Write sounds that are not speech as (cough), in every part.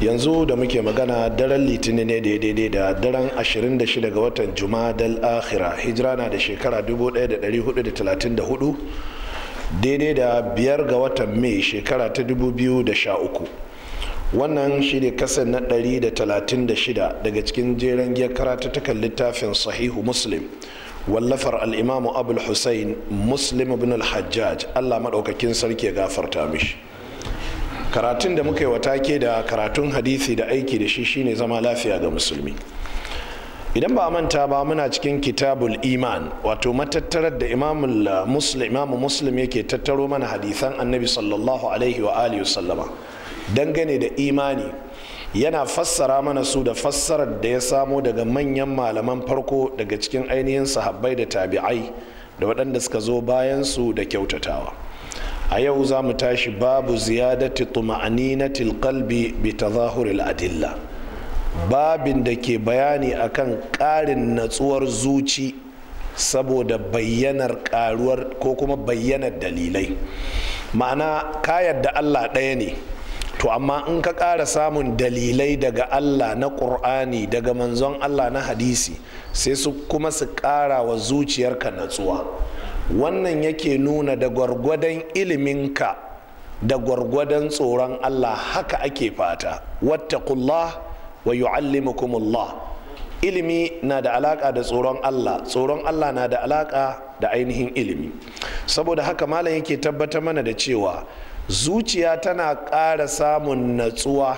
yanzu da muke magana daren litinin ne da daidai da daren 26 ga watan jumadal akhira hijira na da shekara 1434 daidai da biyar ga watan mai shekara ta 2013 wannan shi ne kasan na 136 daga cikin jeren giyar karatutakan littafin sahihu muslim wallafar al'imamu abul hussein muslim ibn al-hajjaj allah maɗaukakin sarki ya gafarta mishi karatun da muka yi wa take da karatun hadisi da aiki da shi shine zama lafiya ga musulmi idan ba a manta ba muna cikin kitabul iman wato matattarar da uh, imamu muslim yake tattaro mana hadisan annabi sallallahu alaihi wa alihi sallama dangane da imani yana fassara mana su da fassarar da ya samo daga manyan malaman farko daga cikin ainihin sahabbai da tabi'ai da waɗanda suka zo bayan su da kyautatawa a yau za mu tashi babu ziyadati tuma'aninatil qalbi bi tazahuril adilla babin da ke bayani akan karin natsuwar zuci saboda bayyanar karuwar ko kuma bayyanar dalilai ma'ana ka da allah ɗaya ne to amma in ka ƙara samun dalilai daga allah na ƙur'ani daga manzon allah na hadisi sai su kuma su ƙara wa zuciyarka natsuwa wannan yake nuna da gwargwadon iliminka da gwargwadon tsoron allah haka ake fata wattaqullah wa yu'allimukumullah ilimi na da alaka da tsoron allah tsoron allah na da alaka da ainihin ilimi saboda haka malam yake tabbata mana da cewa zuciya tana ƙara samun natsuwa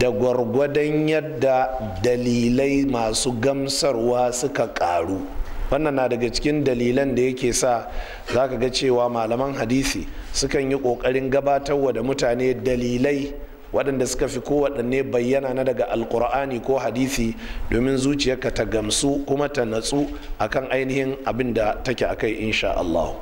da gwargwadon yadda dalilai masu gamsarwa suka ƙaru wannan na daga cikin dalilan da yake sa za ka ga cewa malaman hadisi sukan yi ƙoƙarin gabatarwa da mutane dalilai waɗanda suka fi ko waɗanne bayyana na daga alkur'ani ko hadisi domin zuciyarka ta gamsu kuma ta natsu kan ainihin abin da take akai insha Allah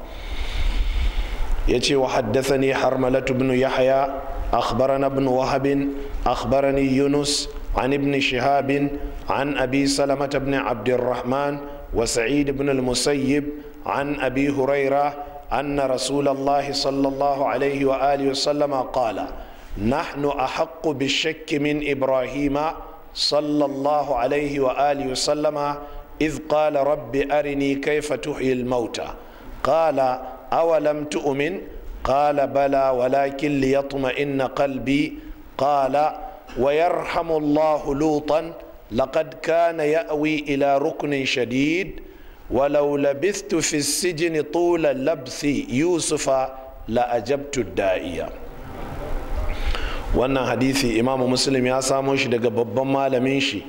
ya ce wa haddasa ne harmalatu bin yahaya akhbarana bin wahabin akhbarani yunus an shihabin shihabin an abi سلمة بن abdurrahman وسعيد بن المسيب عن أبي هريرة أن رسول الله صلى الله عليه وآله وسلم قال نحن أحق بالشك من إبراهيم صلى الله عليه وآله وسلم إذ قال رب أرني كيف تحيي الموتى قال أولم تؤمن قال بلى ولكن ليطمئن قلبي قال ويرحم الله لوطا laqad kana ya'wi ila rukunin shadid walau labistu fi sijini tula labsi yusufa la ajabtu da'iya wannan hadisi imam muslim ya samo shi daga babban malamin shi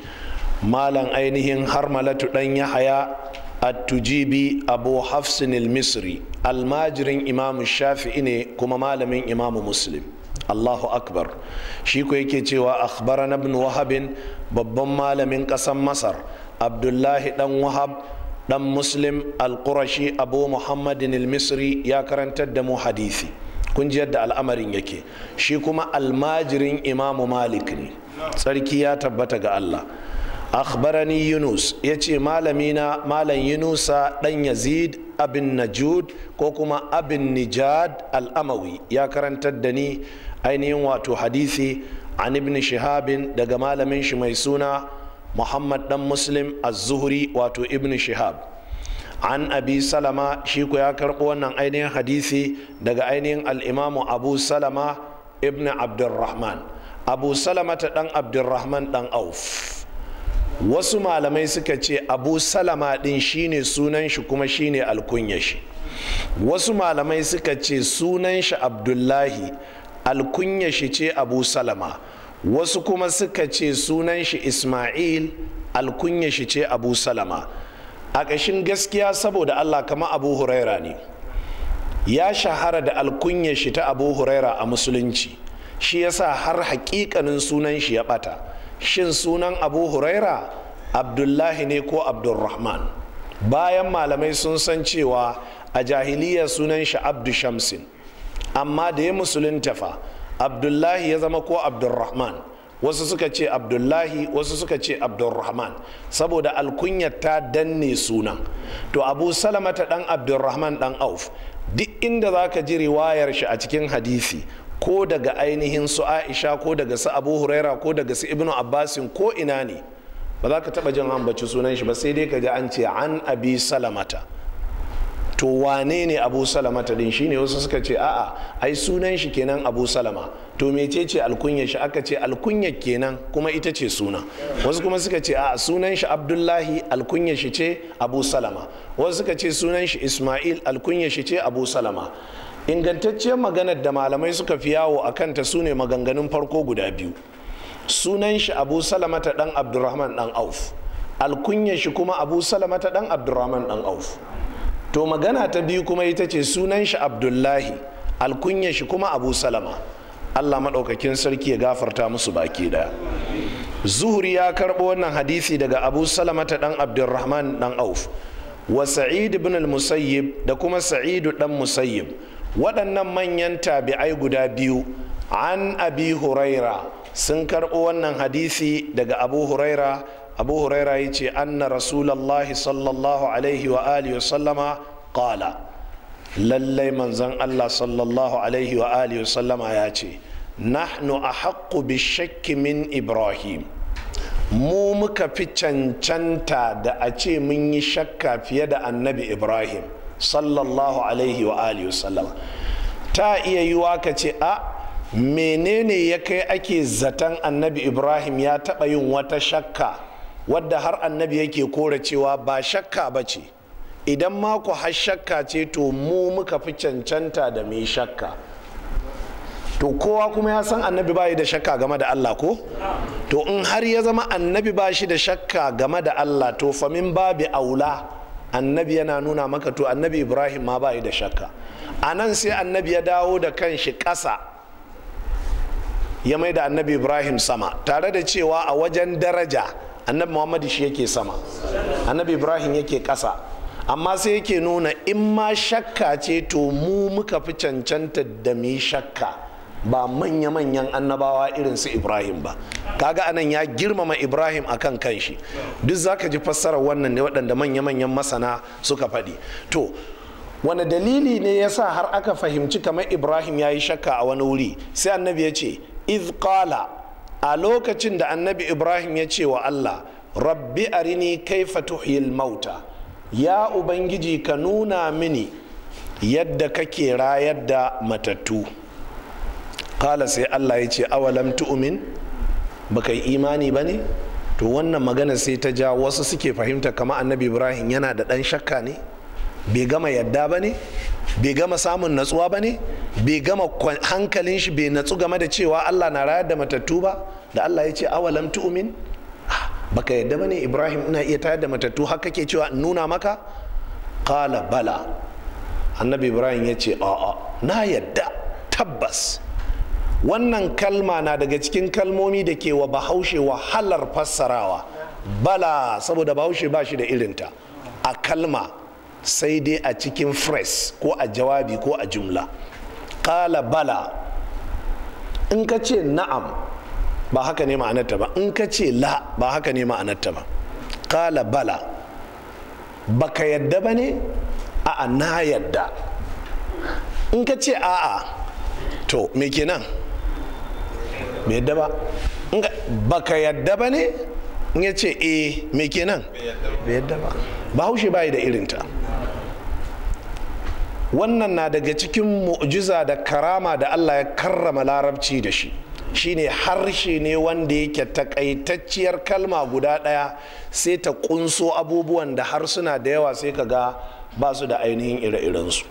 malam ainihin harmalatu dan yahaya at-tujibi abu hafsin al-misri almajirin imamu shafi'i ne kuma malamin imam muslim allahu akbar shi ko yake cewa akhbarana ibn wahabin babban malamin ƙasar masar abdullahi dan wahab dan muslim al-qurashi abu muhammadin al-misri ya karantar da mu hadisi kun ji yadda al'amarin yake shi kuma almajirin imamu malik ne tsarki ya tabbata ga allah akhbarani yunus ya ce malamina malam yunusa dan yazid abin najud ko kuma abin nijad al'amawi ya karantar da ni ainihin wato hadisi an ibn shihabin daga malamin shi mai suna muhammad dan muslim az wato ibn shihab an abi salama shi ku ya karɓo wannan ainihin hadisi daga ainihin al'imamu abu salama ibn abdurrahman abu salama ta ɗan abdurrahman ɗan auf wasu malamai suka ce abu salama ɗin shine sunan shi kuma shine alkunya shi wasu malamai suka ce sunan shi abdullahi alkunya shi ce abu salama wasu kuma suka ce sunan shi ismail alkunya shi ce abu salama a ƙashin gaskiya saboda allah kama abu huraira ne ya shahara da alkunya shi ta abu huraira a musulunci shi yasa har hakikanin sunan shi ya ɓata shin sunan abu huraira abdullahi ne ko abdulrahman bayan malamai sun san cewa a jahiliya sunan shi abdu shamsin amma da ya musulunta fa abdullahi ya zama ko Abdulrahman wasu suka ce abdullahi wasu suka ce Abdulrahman saboda alkunyar ta danne sunan to abu salamata dan abdurrahman dan auf duk inda za ka ji riwayar shi a cikin hadisi ko daga ainihin su aisha ko daga su abu huraira ko daga su ibnu abbasin ko ina ne ba za ka taba jin ambaci sunan shi ba sai dai ka ji an ce an abi salamata to wane ne abu salama ta din shine wasu suka ce a'a ai sunan shi kenan abu salama to mece ce alkunya shi aka ce alkunya kenan kuma ita ce suna wasu kuma suka ce a'a sunan shi abdullahi alkunya shi ce abu salama wasu suka ce sunan shi isma'il alkunya shi ce abu salama ingantacciyar maganar da malamai suka fi yawo a kanta su ne maganganun farko guda biyu sunan shi abu ta dan abdurrahman dan auf alkunya shi kuma abu ta dan abdurrahman dan auf to magana ta biyu kuma ita ce sunan shi abdullahi alkunya shi kuma abu salama allah maɗaukakin sarki ya gafarta musu baki ɗaya zuhuri ya karɓo wannan hadisi daga abu salama ta ɗan abdulrahman ɗan auf wa sa'id ibn al-musayyib da kuma sa'idu ɗan musayyib waɗannan manyan tabi'ai guda biyu an abi huraira sun karɓo wannan hadisi daga abu huraira abu huraira ya ce anna rasulallahi sallallahu alaihi wa alihi wa sallama qala lallai manzan allah sallallahu alaihi wa alihi wa sallama ya ce nahnu ahaqqu bi shakki min ibrahim mu muka fi cancanta da a ce mun yi shakka fiye da annabi ibrahim sallallahu alaihi wa alihi sallama ta iya yiwa ka ce a menene ya kai ake zaton annabi ibrahim ya taɓa yin wata shakka wadda har annabi yake kora cewa ba shakka ba ce idan mako har shakka ce to mu muka fi cancanta da mai shakka to kowa kuma ya san annabi ba da shakka game da Allah ko to in har ya zama annabi ba shi da shakka game da Allah to famin babi aula annabi yana nuna maka to annabi ibrahim ma ba da shakka a nan sai annabi ya dawo da kan shi ƙasa ya mai da annabi ibrahim sama tare da cewa a wajen daraja annabi muhammadu shi yake sama annabi ibrahim yake ƙasa amma sai yake nuna in ma shakka ce to mu muka fi cancanta da mu shakka ba manya-manyan annabawa irin su ibrahim ba kaga anan ya girmama ibrahim akan kanshi duk za ka ji fassarar wannan ne waɗanda manya-manyan masana suka faɗi to wani dalili ne ya sa har aka fahimci kamar ibrahim ya yi shakka a wani wuri sai annabi ya ce iz qala a lokacin da annabi ibrahim ya ce wa allah rabbi arini kai fatuhil mauta ya ubangiji ka nuna mini yadda kake rayar da matattu kala sai allah ya ce awalam tu'umin baka yi imani ba ne to wannan magana sai ta ja wasu suke fahimta kama annabi ibrahim yana da ɗan shakka ne bai gama yadda ba ne bai gama samun natsuwa ba ne bai gama hankalin shi bai natsu game da cewa allah na rayar da matattu ba da allah ya ce awalam tu'umin ah, baka yadda ba ne ibrahim ina iya tayar da matattu haka ke cewa nuna maka kala bala annabi ibrahim ya ce a'a na yadda tabbas wannan kalma na daga cikin kalmomi da ke wa bahaushe wahalar fassarawa bala saboda bahaushe ba shi da irinta a kalma sai dai a cikin fres ko a jawabi ko a jumla kala bala in ka ce na'am ba haka ne ma'anarta ba in ka ce la ba haka ne ma'anarta ba kala bala baka yadda ba ne a'a na yadda in ka ce a'a to me kenan bai yadda ba baka yadda ba ne in ya ce eh me kenan bai ba bahaushe bayi da irinta wannan na daga cikin mu'jiza da karama da allah ya karrama larabci da shi shine harshe ne wanda yake takaitacciyar kalma guda daya sai ta kunso abubuwan da harsuna da yawa sai ka ga ba su da ainihin ire-irensu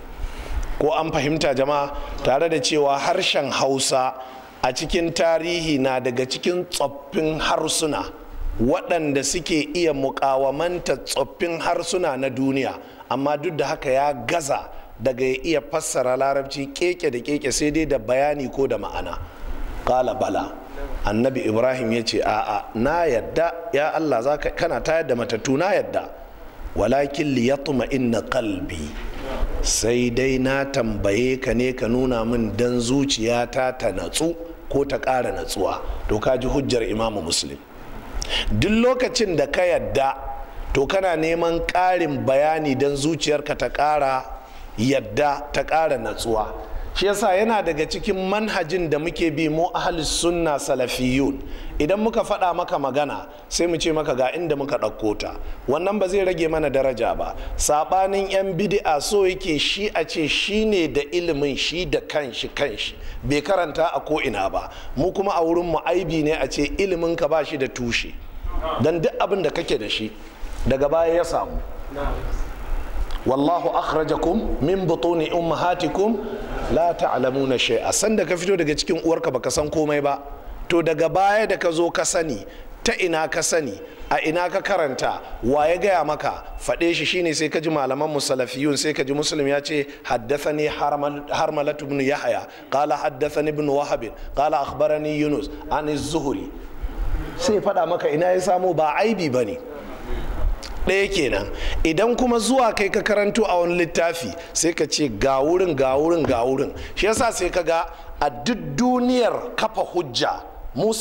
ko an fahimta jama'a tare da cewa harshen hausa a cikin tarihi na daga cikin tsoffin harsuna waɗanda suke iya muƙawamanta tsoffin harsuna na duniya amma duk da haka ya gaza daga ya iya fassara larabci keke da keke sai dai da bayani ko da ma'ana kala bala annabi ibrahim ya ce a'a na yadda ya allah zaka kana ta yadda matattu na yadda walakin liyatma inna kalbi sai dai na tambaye ka ne ka nuna min dan zuciyata ta natsu ko ta ƙara natsuwa to ka ji hujjar imamu muslim duk lokacin da ka yadda to kana neman ƙarin bayani don zuciyarka ta ƙara yadda ta ƙara natsuwa shi yasa yana daga cikin manhajin da muke bi mu ahali sunna salafiyun idan muka faɗa maka magana sai mu ce maka ga inda muka ɗauko ta wannan ba zai rage mana daraja ba saɓanin 'yan bidi'a so yake shi a ce shi ne da ilimin shi da kanshi kanshi bai karanta a ko ina ba mu kuma a wurin mu aibi ne a ce ilimin ka ba shi da tushe don duk abin da kake da shi daga baya ya samu wallahu akhrajakum min butuni ummahatikum la ta'lamuna shay'a sanda ka fito daga cikin uwarka baka san komai ba to daga baya da ka zo ka sani ta ina ka sani a ina ka karanta wa ya gaya maka faɗe shi shine sai ka ji malaman musalafiyun sai ka ji muslim ya ce haddathani harmalat ibn yahya qala haddathani ibn wahab qala akhbarani yunus an zuhuri sai faɗa maka ina ya samo ba aibi bane ɗaya kenan idan kuma zuwa kai ka karanto a wani littafi sai ka ce ga wurin ga wurin ga wurin shi yasa sai ka ga a duk duniyar kafa hujja mu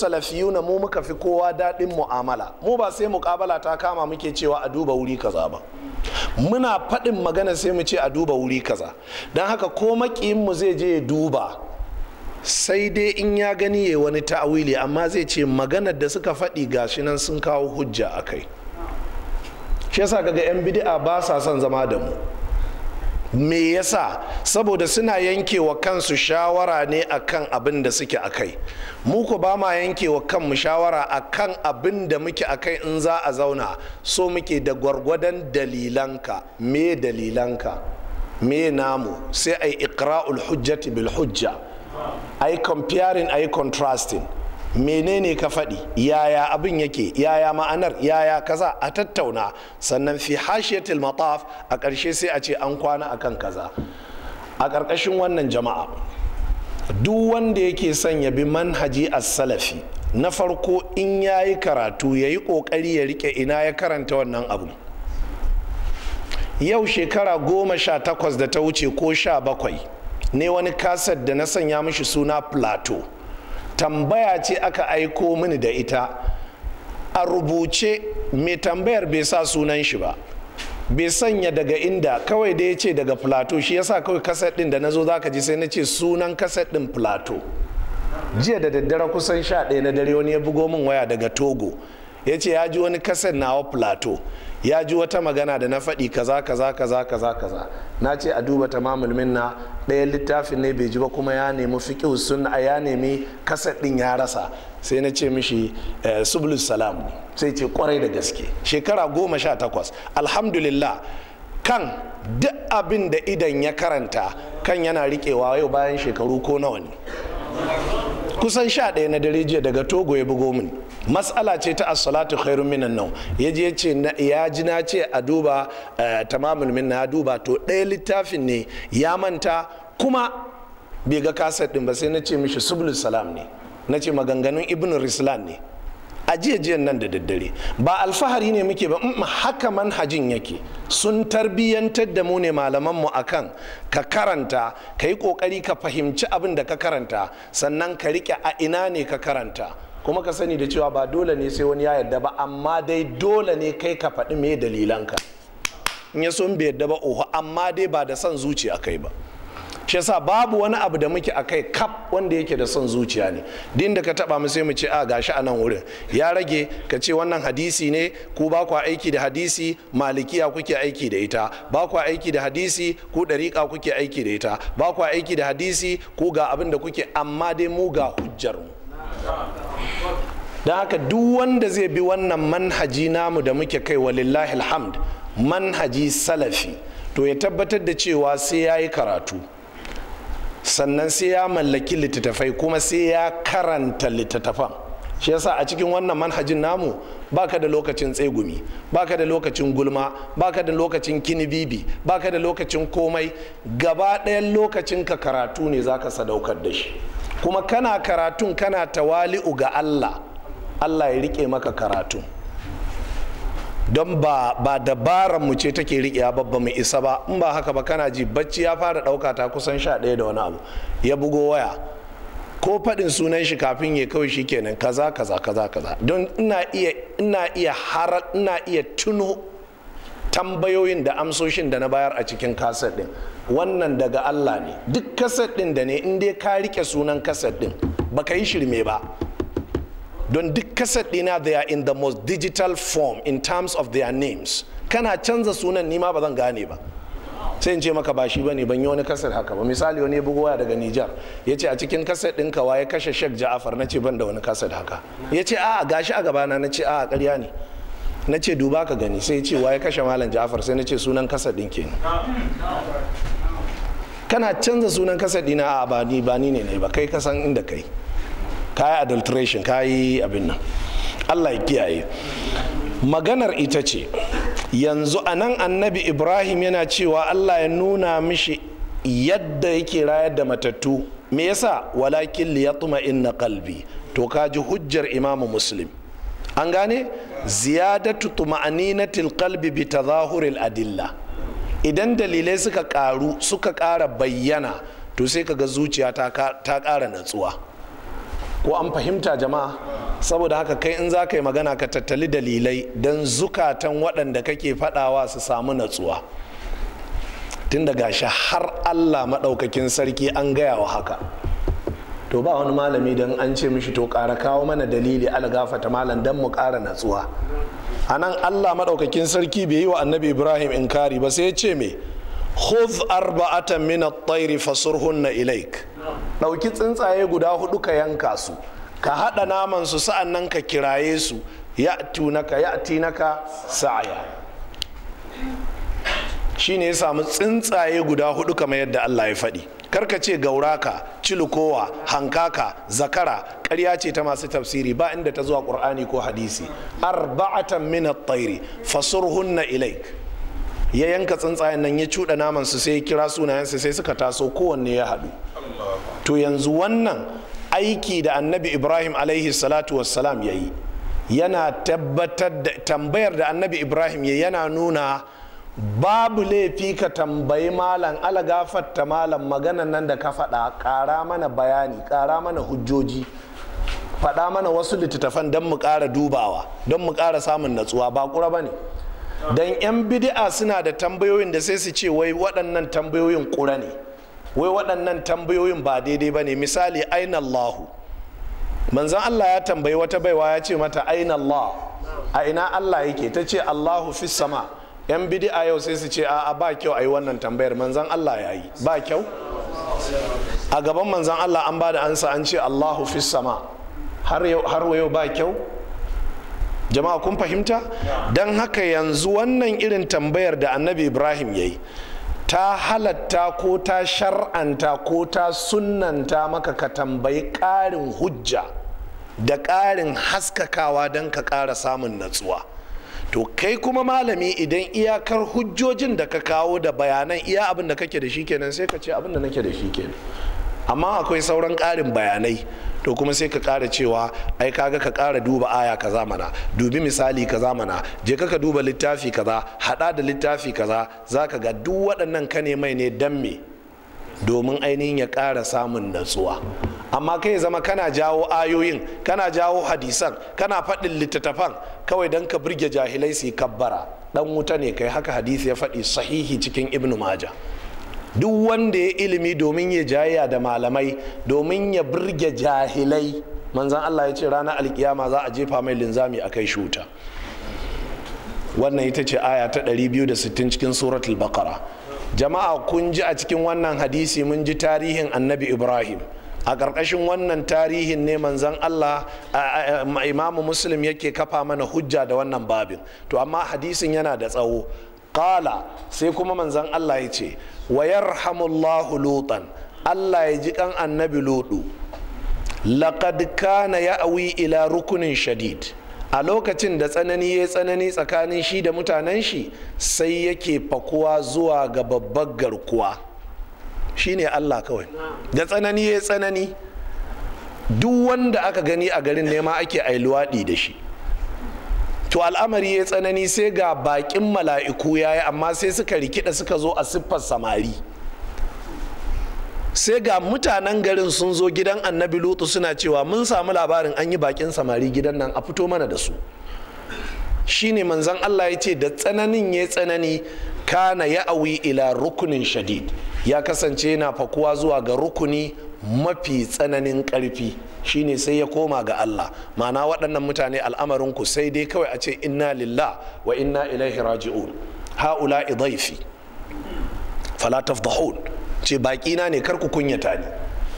na mu muka fi kowa daɗin mu'amala mu ba sai muƙabala ta kama muke cewa a duba wuri kaza ba muna faɗin magana sai mu ce a duba wuri kaza don haka ko mu zai je ya duba sai dai in ya gani ya wani ta'awili amma zai ce maganar da suka faɗi gashi nan sun kawo hujja a kai shi yasa kaga yan bidi'a ba sa son zama da mu me yasa saboda suna yankewa kansu shawara ne akan abin da suke akai mu ku ba ma yankewa kanmu shawara akan abin da muke a kai in za a zauna so muke da gwargwadon dalilanka me dalilanka me namu sai ai iqra'ul hujjati bil hujja ai comparing ai contrasting menene ka faɗi yaya abin yake yaya ma'anar yaya kaza a tattauna sannan fi hashiyatul mataf a ƙarshe sai a ce an kwana akan kaza a ƙarƙashin wannan jama'a duk wanda yake son ya bi manhaji as-salafi na farko in yayi karatu yayi yi ƙoƙari ya rike ina ya karanta wannan abu yau shekara goma sha takwas da ta wuce ko sha bakwai ne wani kasar da na sanya mishi suna plateau tambaya ce aka aiko mini da ita a rubuce mai tambayar bai sa sunan shi ba bai sanya daga inda kawai da ya ce daga plato shi yasa kawai kaset din da na zo za ka ji sai na ce sunan kaset din plato jiya da daddare kusan sha ɗaya na dare wani ya bugo min waya daga togo ya ce ya ji wani kasan nawa plato ya ji wata magana da na faɗi kaza kaza kaza kaza kaza na ce a duba ta mamulmin na. ɗaya littafin ne bai ji ba kuma ya nemi fiqh a ya nemi kaset ɗin ya rasa sai na ce mishi eh, sublus salam sai ce kwarai da gaske shekara goma sha takwas alhamdulillah kan duk abin da idan ya karanta kan yana riƙewa yau bayan shekaru ko nawa ne kusan sha ɗaya na dare jiya daga togo ya bugo mini matsala ce ta asalatu salatu khairun minan nau ya je ce ya ji na ce a duba eh, tamamul minna ya duba to ɗaya littafin ne ya manta kuma bai ga kaset din ba sai na ce mishi subul salam ne na ce maganganun ibn rislan ne a jiyan nan da daddare ba alfahari ne muke ba mm, haka manhajin yake sun tarbiyyantar da mu ne malaman mu akan ka karanta ka yi kokari ka fahimci abin da ka karanta sannan ka rike a ina ne ka karanta kuma ka sani da cewa ba dole ne sai wani ya yarda ba amma dai dole ne kai ka faɗi me dalilanka in ya sun bai yarda ba oho amma dai ba da son zuciya kai ba shi yasa babu wani abu da muke akai kaf wanda yake da son zuciya ne din da ka taba mu sai mu ce a gashi a nan wurin ya rage ka ce wannan hadisi ne ku ba ku aiki da hadisi malikiya kuke aiki da ita ba ku aiki da hadisi ku dariƙa kuke aiki da ita ba ku aiki da hadisi ku ga abin da kuke amma dai mu ga hujjar mu don haka duk wanda zai bi wannan manhaji namu da muke kai walillahi alhamd manhaji salafi to ya tabbatar da cewa sai ya yi karatu sannan sai ya mallaki littattafai kuma sai ya karanta littattafan shi yasa a cikin wannan manhajin namu baka da lokacin tsegumi baka da lokacin gulma baka da lokacin kinibibi baka da lokacin komai gaba ɗayan lokacin ka karatu ne zaka sadaukar da shi kuma kana karatun kana tawali'u ga Allah Allah ya rike maka karatun don ba ba dabaran mu ce take rike ba babba mu isa ba in ba haka ba kana ji bacci ya fara ɗauka ta kusan sha ɗaya da wani abu ya bugo waya ko faɗin sunan shi kafin ya kawai shi kenan kaza kaza kaza kaza don ina iya ina iya har ina iya tuno tambayoyin da amsoshin da na bayar a cikin kaset ɗin wannan daga Allah ne duk kasar ɗin da ne in dai ka rike sunan kasar ɗin ka yi shirme ba don duk kasar ɗina they are in the most digital form in terms of their names kana canza sunan nima ba zan gane ba sai in ce maka ba shi bane ban yi wani kasar haka ba misali wani bugu waya daga Nijar ya ce a cikin kasar ɗin kawa ya kashe Sheikh Ja'afar na ce ban da wani kasar haka ya ce a gashi a gabana na ce a ƙarya ne na ce duba ka gani sai ya ce wa ya kashe Malam Ja'afar sai na ce sunan kasar ɗin kenan kana canza sunan kasa dina a ba ni ba ni ne ne ba kai kasan inda kai kayi adulteration kayi abin nan allah ya kiyaye maganar ita ce yanzu a nan annabi ibrahim yana cewa allah ya nuna mishi yadda yake rayar da matattu me yasa walakin li yatma inna qalbi to ji hujjar imamu muslim an gane ziyadatu tuma'aninatil qalbi bi tadhahuril adilla idan dalilai suka karu suka kara bayyana to sai kaga zuciya ta kara natsuwa ko an fahimta jama'a saboda haka kai in za ka yi magana ka tattali dalilai don zukatan waɗanda kake faɗawa su samu natsuwa tun daga shi har allah maɗaukakin sarki an gaya wa haka to ba wani malami don an ce mishi to ƙara kawo mana dalili algafata malam don mu ƙara natsuwa a nan allah maɗaukakin sarki bai yi wa annabi ibrahim in kari ba sai ya ce me khudh arba'atan min at-tayr fasurhunna ilaik ɗauki tsuntsaye guda hudu ka yanka su ka haɗa naman su sa'an nan ka kiraye su ya tunaka ya tinaka sa'aya shine ya samu tsuntsaye guda hudu kamar yadda Allah ya faɗi karka ce gauraka cilukowa hankaka zakara karya ce ta masu tafsiri ba inda ta zuwa ƙur'ani ko hadisi arba'atan min at-tayri fasurhunna ilaik ya yanka tsuntsayen nan ya cuɗa naman su sai kira sunayen su sai suka taso kowanne ya haɗu to yanzu wannan aiki da annabi ibrahim alaihi salatu wassalam ya yi yana tabbatar da tambayar da annabi ibrahim ya yana nuna babu laifi ka tambayi malam alagafatta malam magana nan da ka faɗa ƙara mana bayani ƙara mana hujjoji faɗa mana wasu littattafan don mu ƙara dubawa don mu ƙara samun natsuwa ba ƙura ba ne don 'yan bidi'a suna da tambayoyin da sai su ce wai waɗannan tambayoyin ƙura ne wai waɗannan tambayoyin ba daidai ba ne misali aina allahu manzan allah ya tambayi wata baiwa ya ce mata aina a ina allah yake ta ce allahu fi sama yan bidi'a yau sai su ce a ba kyau a yi wannan tambayar manzan Allah ya yi ba kyau a gaban manzan Allah an ba da ansa an ce Allahu fi sama har yau ba kyau jama'a kun fahimta don haka yanzu wannan irin tambayar da annabi ibrahim ya yi ta halatta ko ta shar'anta ko ta sunanta maka ka tambayi ƙarin hujja da ƙarin haskakawa don ka ƙara samun natsuwa. to kai kuma malami idan iyakar hujjojin da ka kawo da bayanan iya abin da kake da shi kenan sai ka ce abin da nake da shi kenan amma akwai sauran ƙarin bayanai to kuma sai ka ƙara cewa ai kaga ka ƙara duba aya kaza mana dubi misali kaza mana je ka ka duba littafi kaza hada da littafi kaza zaka ga duk waɗannan ka ne mai ne dan me domin ainihin ya ƙara samun natsuwa amma kai ya zama kana jawo ayoyin kana jawo hadisan kana faɗin littattafan kawai don ka birge jahilai su kabbara dan wuta ne kai haka hadisi ya faɗi sahihi cikin ibnu maja duk wanda ya ilimi domin ya jayya da malamai domin ya birge jahilai manzan allah ya ce ranar alkiyama za a jefa mai linzami a kai shuta wannan ita ce aya ta 260 cikin suratul baqara jama'a kun ji a cikin wannan hadisi mun ji tarihin annabi ibrahim a ƙarƙashin wannan tarihin ne manzan Allah imamu muslim yake kafa mana hujja da wannan babin to amma hadisin yana da tsawo ƙala sai kuma manzan Allah ya ce wa yarhamullahu lutan Allah ya ji kan annabi lodu? laqad kana ya'wi ila rukunin shadid a lokacin da tsanani ya tsanani tsakanin shi da mutanen shi sai yake fakuwa zuwa ga babbar garkuwa Shi ne Allah kawai da tsanani ya tsanani duk wanda aka gani a garin nema ake luwaɗi da shi to al'amari ya tsanani sai ga baƙin mala'iku yayi amma sai suka rikida suka zo a siffar samari sai ga mutanen garin sun zo gidan annabi lutu suna cewa mun samu labarin an yi bakin samari gidan nan a fito mana da su shine manzan allah ya ce da tsananin ya tsanani kana ya awi ila rukunin shadid ya kasance yana fakuwa zuwa ga rukuni mafi tsananin karfi shine sai ya koma ga Allah ma'ana waɗannan mutane al'amarinku sai dai kawai a ce inna lillah wa inna ilaihi raji'un ha'ula idaifi fala tafdahun ce baƙi na ne kar ku kunyata ni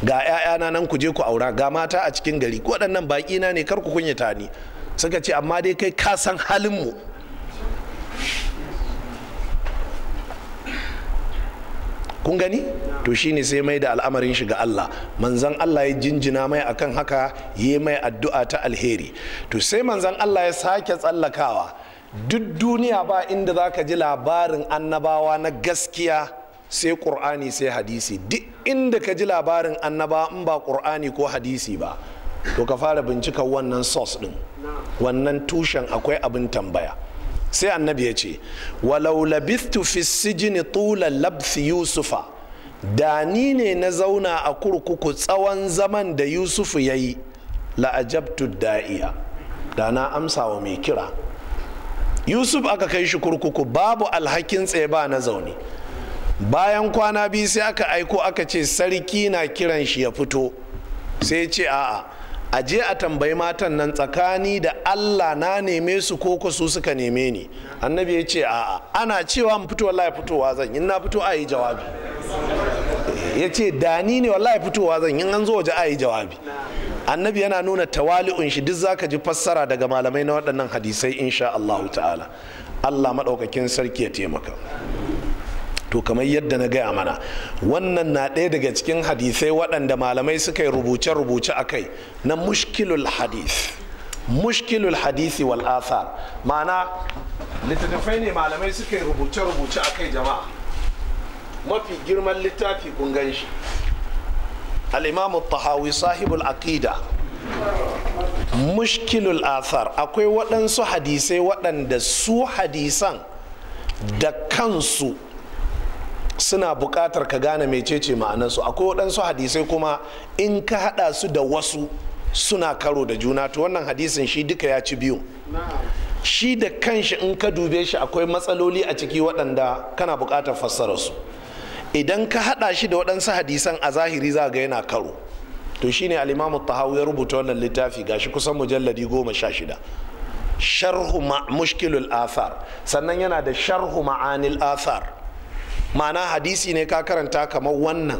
ga 'ya'yana nan ku je ku aura ga mata a cikin gari waɗannan baƙi na ne kar ku kunyata ni suka ce amma dai kai ka san halinmu kun gani to shine sai mai da al'amarin shiga Allah manzan Allah ya jinjina mai akan haka yi mai addu'a ta alheri to sai manzan Allah ya sake tsallakawa duk duniya ba inda za ka ji labarin annabawa na gaskiya sai ƙur'ani sai hadisi duk inda ka ji labarin annaba in ba ƙur'ani ko hadisi ba to ka fara bincika wannan sos ɗin wannan tushen akwai abin tambaya sai annabi ya ce walau labistu fi sijini tula labsi yusufa da ni ne na zauna a kurkuku tsawon zaman da yusufu ya yi la'ajabtu da'iya da na amsa wa mai kira yusuf aka kai shi kurkuku babu alhakin tseba na zaune bayan kwana biyu sai aka aiko aka ce sarki na kiran shi ya fito sai ce a'a a je a tambayi matan nan tsakani da allah na neme su ko su suka neme ni annabi ya ce a'a ana cewa mu fito wallahi fitowa zan yin na fito a yi jawabi ya ce ni ne wallahi fitowa zan yin an zo waje a yi jawabi annabi yana nuna tawali'un shi duk zaka ji fassara daga malamai na waɗannan hadisai insha Allah ta'ala Allah maɗaukakin sarki ya taimaka to kamar yadda na gaya mana wannan na ɗaya daga cikin hadisai waɗanda malamai suka yi rubuce-rubuce a kai na mushkilul hadis mushkilul hadisi wal asar ma'ana littattafai ne malamai suka yi rubuce-rubuce a kai jama'a mafi girman littafi kun gan shi al'imamu tahawi sahibul aqida mushkilul asar akwai waɗansu hadisai waɗanda su hadisan da kansu suna buƙatar ka gane mecece ma'anarsu akwai waɗansu hadisai kuma in ka haɗa su da wasu suna karo da juna to wannan hadisin shi duka ya ci biyu shi da kanshi in ka dube shi akwai matsaloli a ciki waɗanda kana buƙatar fassara su idan ka haɗa shi da waɗansu hadisan a zahiri za ga yana karo to shi ne alimamu tahawu ya rubuta wannan littafi gashi kusan mujalladi goma sha shida sharhu mushkilul athar sannan yana da sharhu ma'anil athar ma'ana hadisi ne ka karanta kamar wannan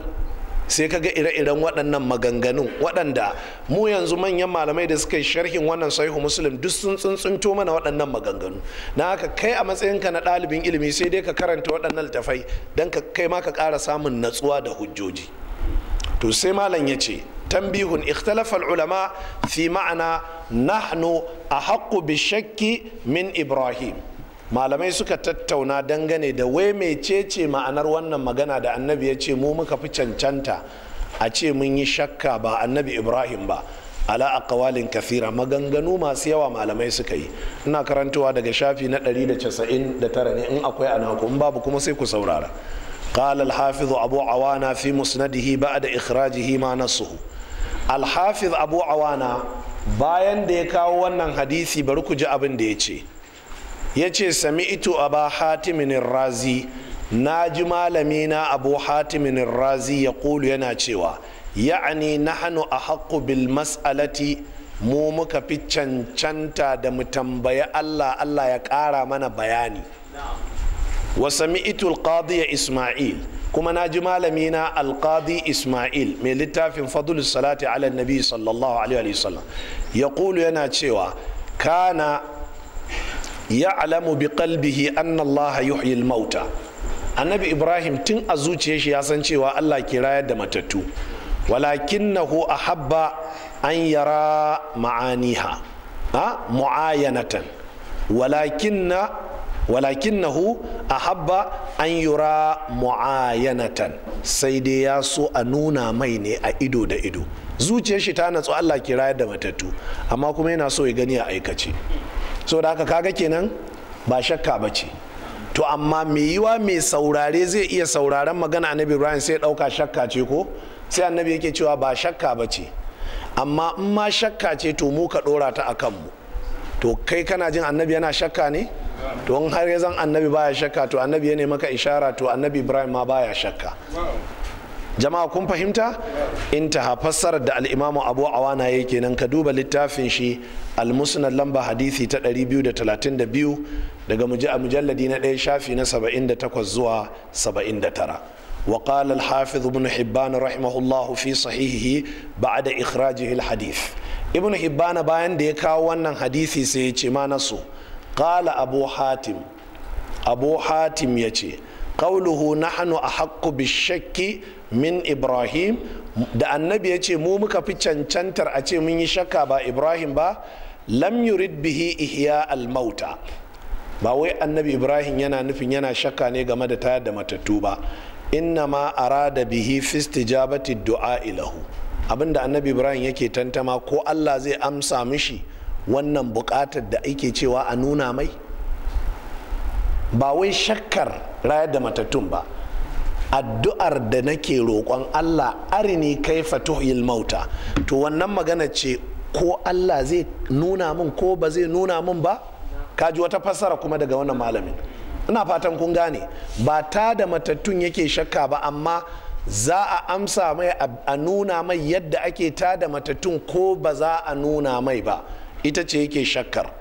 sai ka ga ire-iren waɗannan maganganun waɗanda mu yanzu manyan malamai da suka yi sharhin wannan sahihu muslim duk sun tsuntsunto mana waɗannan maganganu na haka kai a matsayinka na ɗalibin ilimi sai dai ka karanta waɗannan littafai don ka kai ma ka ƙara samun natsuwa da hujjoji to sai malam ya ce tambihun ikhtalafa ulama fi ma'ana nahnu a haƙƙu bishakki min ibrahim malamai suka tattauna dangane da wai mai cece ma'anar wannan magana da annabi ya ce mu muka fi cancanta a ce mun yi shakka ba annabi ibrahim ba ala aqwalin kafira maganganu masu yawa malamai suka yi ina karantowa daga shafi na 199 ne in akwai ana in babu kuma sai ku saurara قال الحافظ أبو عوانا في مسنده بعد إخراجه ما نصه الحافظ أبو عوانا bayan da ya kawo wannan hadisi bari ku ji abin da ya ce ya ce sami'tu aba hatimin razi na ji malami na abu hatimin razi ya kulu yana cewa ya'ani nahnu a haƙƙu bil mas'alati mu muka fi cancanta da mu tambayi allah allah ya ƙara mana bayani wa sami'tu alqadi isma'il kuma na ji malami na isma'il mai littafin fadlus salati ala nabi sallallahu alaihi wa sallam ya kulu yana cewa kana ya'lamu bi qalbihi anna Allah yuhyi mauta annabi Ibrahim tun a zuciyar shi ya san cewa Allah ke rayar da matattu a ahabba an yara ma'aniha ha mu'ayanatan walakinna a ahabba an yura mu'ayanatan sai dai ya so a nuna mai ne a ido da ido zuciyar shi ta natsu Allah ke rayar da matattu amma kuma yana so ya gani a aikace so da haka kaga kenan ba shakka ba ce to amma mai yiwa mai saurare zai iya sauraren magana annabi ibrahim sai ɗauka shakka ce ko sai annabi yake cewa ba shakka ba ce amma in ma shakka ce to mu ka ɗora ta a kanmu to kai kana jin annabi yana shakka ne to in har ya zan annabi baya shakka to annabi ya ne maka ishara to annabi ibrahim ma baya shakka jama'a kun fahimta intaha fassarar da al'imamu abu awana ya kenan ka duba littafin shi almusnad lamba hadisi ta 232 daga mujalladi na ɗaya shafi na 78 zuwa 79 وقال الحافظ ابن حبان رحمه الله في صحيحه بعد إخراجه الحديث ابن حبان باين دي كاوانا حديثي سيتي ما نسو قال أبو حاتم أبو حاتم يتي qawluhu nahnu ahaqqu bishakki min ibrahim da annabi yace mu muka fi cancantar a ce mun yi shakka ba ibrahim ba lam bihi ihiya almauta. ba wai annabi ibrahim yana nufin yana shakka ne game da tayar da matattu ba inna ma arada bihi fisti istijabati du'a ilahu abinda annabi ibrahim yake tantama ko allah zai amsa mishi wannan bukatar da ake cewa a nuna mai ba wai shakkar rayar da matattun ba addu'ar da nake roƙon Allah arini kai tuhil mauta to wannan magana ce ko Allah zai nuna min ko ba zai nuna min ba kaji wata fassara kuma daga wannan malamin ina fatan kun gane ba ta da matattun yake shakka ba amma za a amsa mai a nuna mai yadda ake ta da matattun ko ba za a nuna mai ba ita ce yake shakkar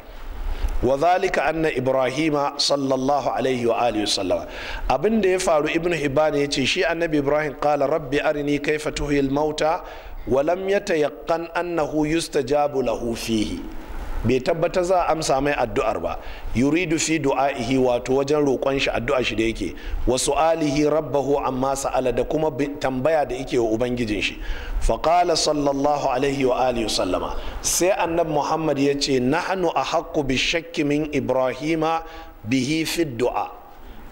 wa zalika anna sallallahu alaihi wa alihi sallama abin da ya faru ibn Hibana ya ce shi annabi ibrahim qala rabbi arini kaifa tuhil mauta wa lam yatayaqqan annahu yustajabu lahu fihi bai tabbata za a amsa mai addu'ar ba yuridu fi du'a'ihi wato wajen roƙon shi addu'a shi da yake wa su'alihi rabbahu amma sa'ala da kuma tambaya da yake wa ubangijin shi fa qala sallallahu alaihi wa alihi sai annabi muhammad ya ce nahnu ahaqqu bi shakki min ibrahima bihi fi du'a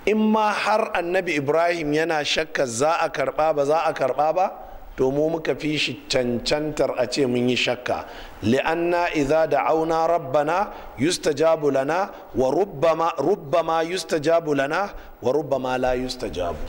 in ma har annabi ibrahim yana shakka za a karba ba za a karba ba Domo muka fi shi cancantar a ce mun yi shakka li'anna idza da'auna rabbana yustajabu lana wa rubbama rubbama yustajabu lana wa rubbama la yustajabu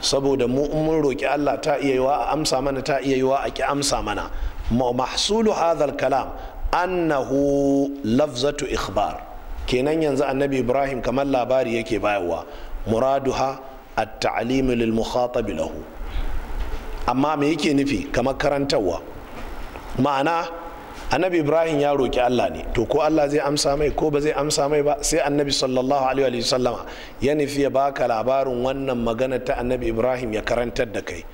saboda mu in mun roki Allah ta iya yiwa a amsa mana ta iya yiwa a ki amsa mana mahsulu hadha kalam annahu lafzatu ikhbar kenan yanzu annabi ibrahim kamar labari yake bayarwa muraduha at-ta'lim lil mukhatabi lahu amma me yake nufi kamar karantarwa ma'ana annabi ibrahim ya roƙi allah ne to ko allah zai amsa mai ko ba zai amsa mai ba sai annabi sallallahu alaihi wa sallama ya nufi ya baka labarin wannan magana ta annabi ibrahim ya karantar da kai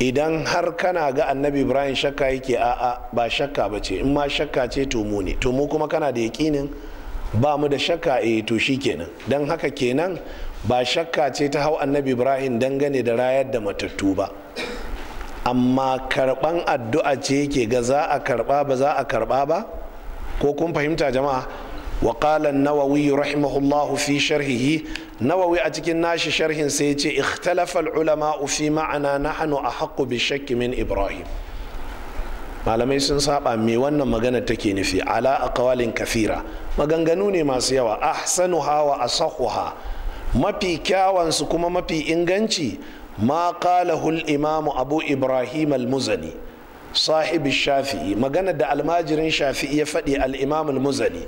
idan har kana ga annabi ibrahim shakka yake a'a ba shakka ba ce in ma shakka ce to mu ne to mu kuma kana da yaƙinin ba mu da shakka e to shi kenan don haka kenan ba shakka ce ta hau annabi ibrahim dangane da rayar da matattu ba amma karɓan addu'a ce ke ga za a karba ba za a karɓa ba ko kun fahimta jama'a wa qala an-nawawi rahimahullahu fi sharhihi nawawi a cikin nashi sharhin sai ya ce ikhtalafa al-ulama fi ma'ana nahnu ahaqqu bi shakki min ibrahim malamai sun saɓa me wannan magana take nufi ala aqwalin kathira maganganu ne masu yawa hawa a asahuha mafi kyawansu kuma mafi inganci ma qalahul imamu abu ibrahim al-muzani sahibi shafi'i magana da almajirin shafi'i ya faɗi al-imam muzani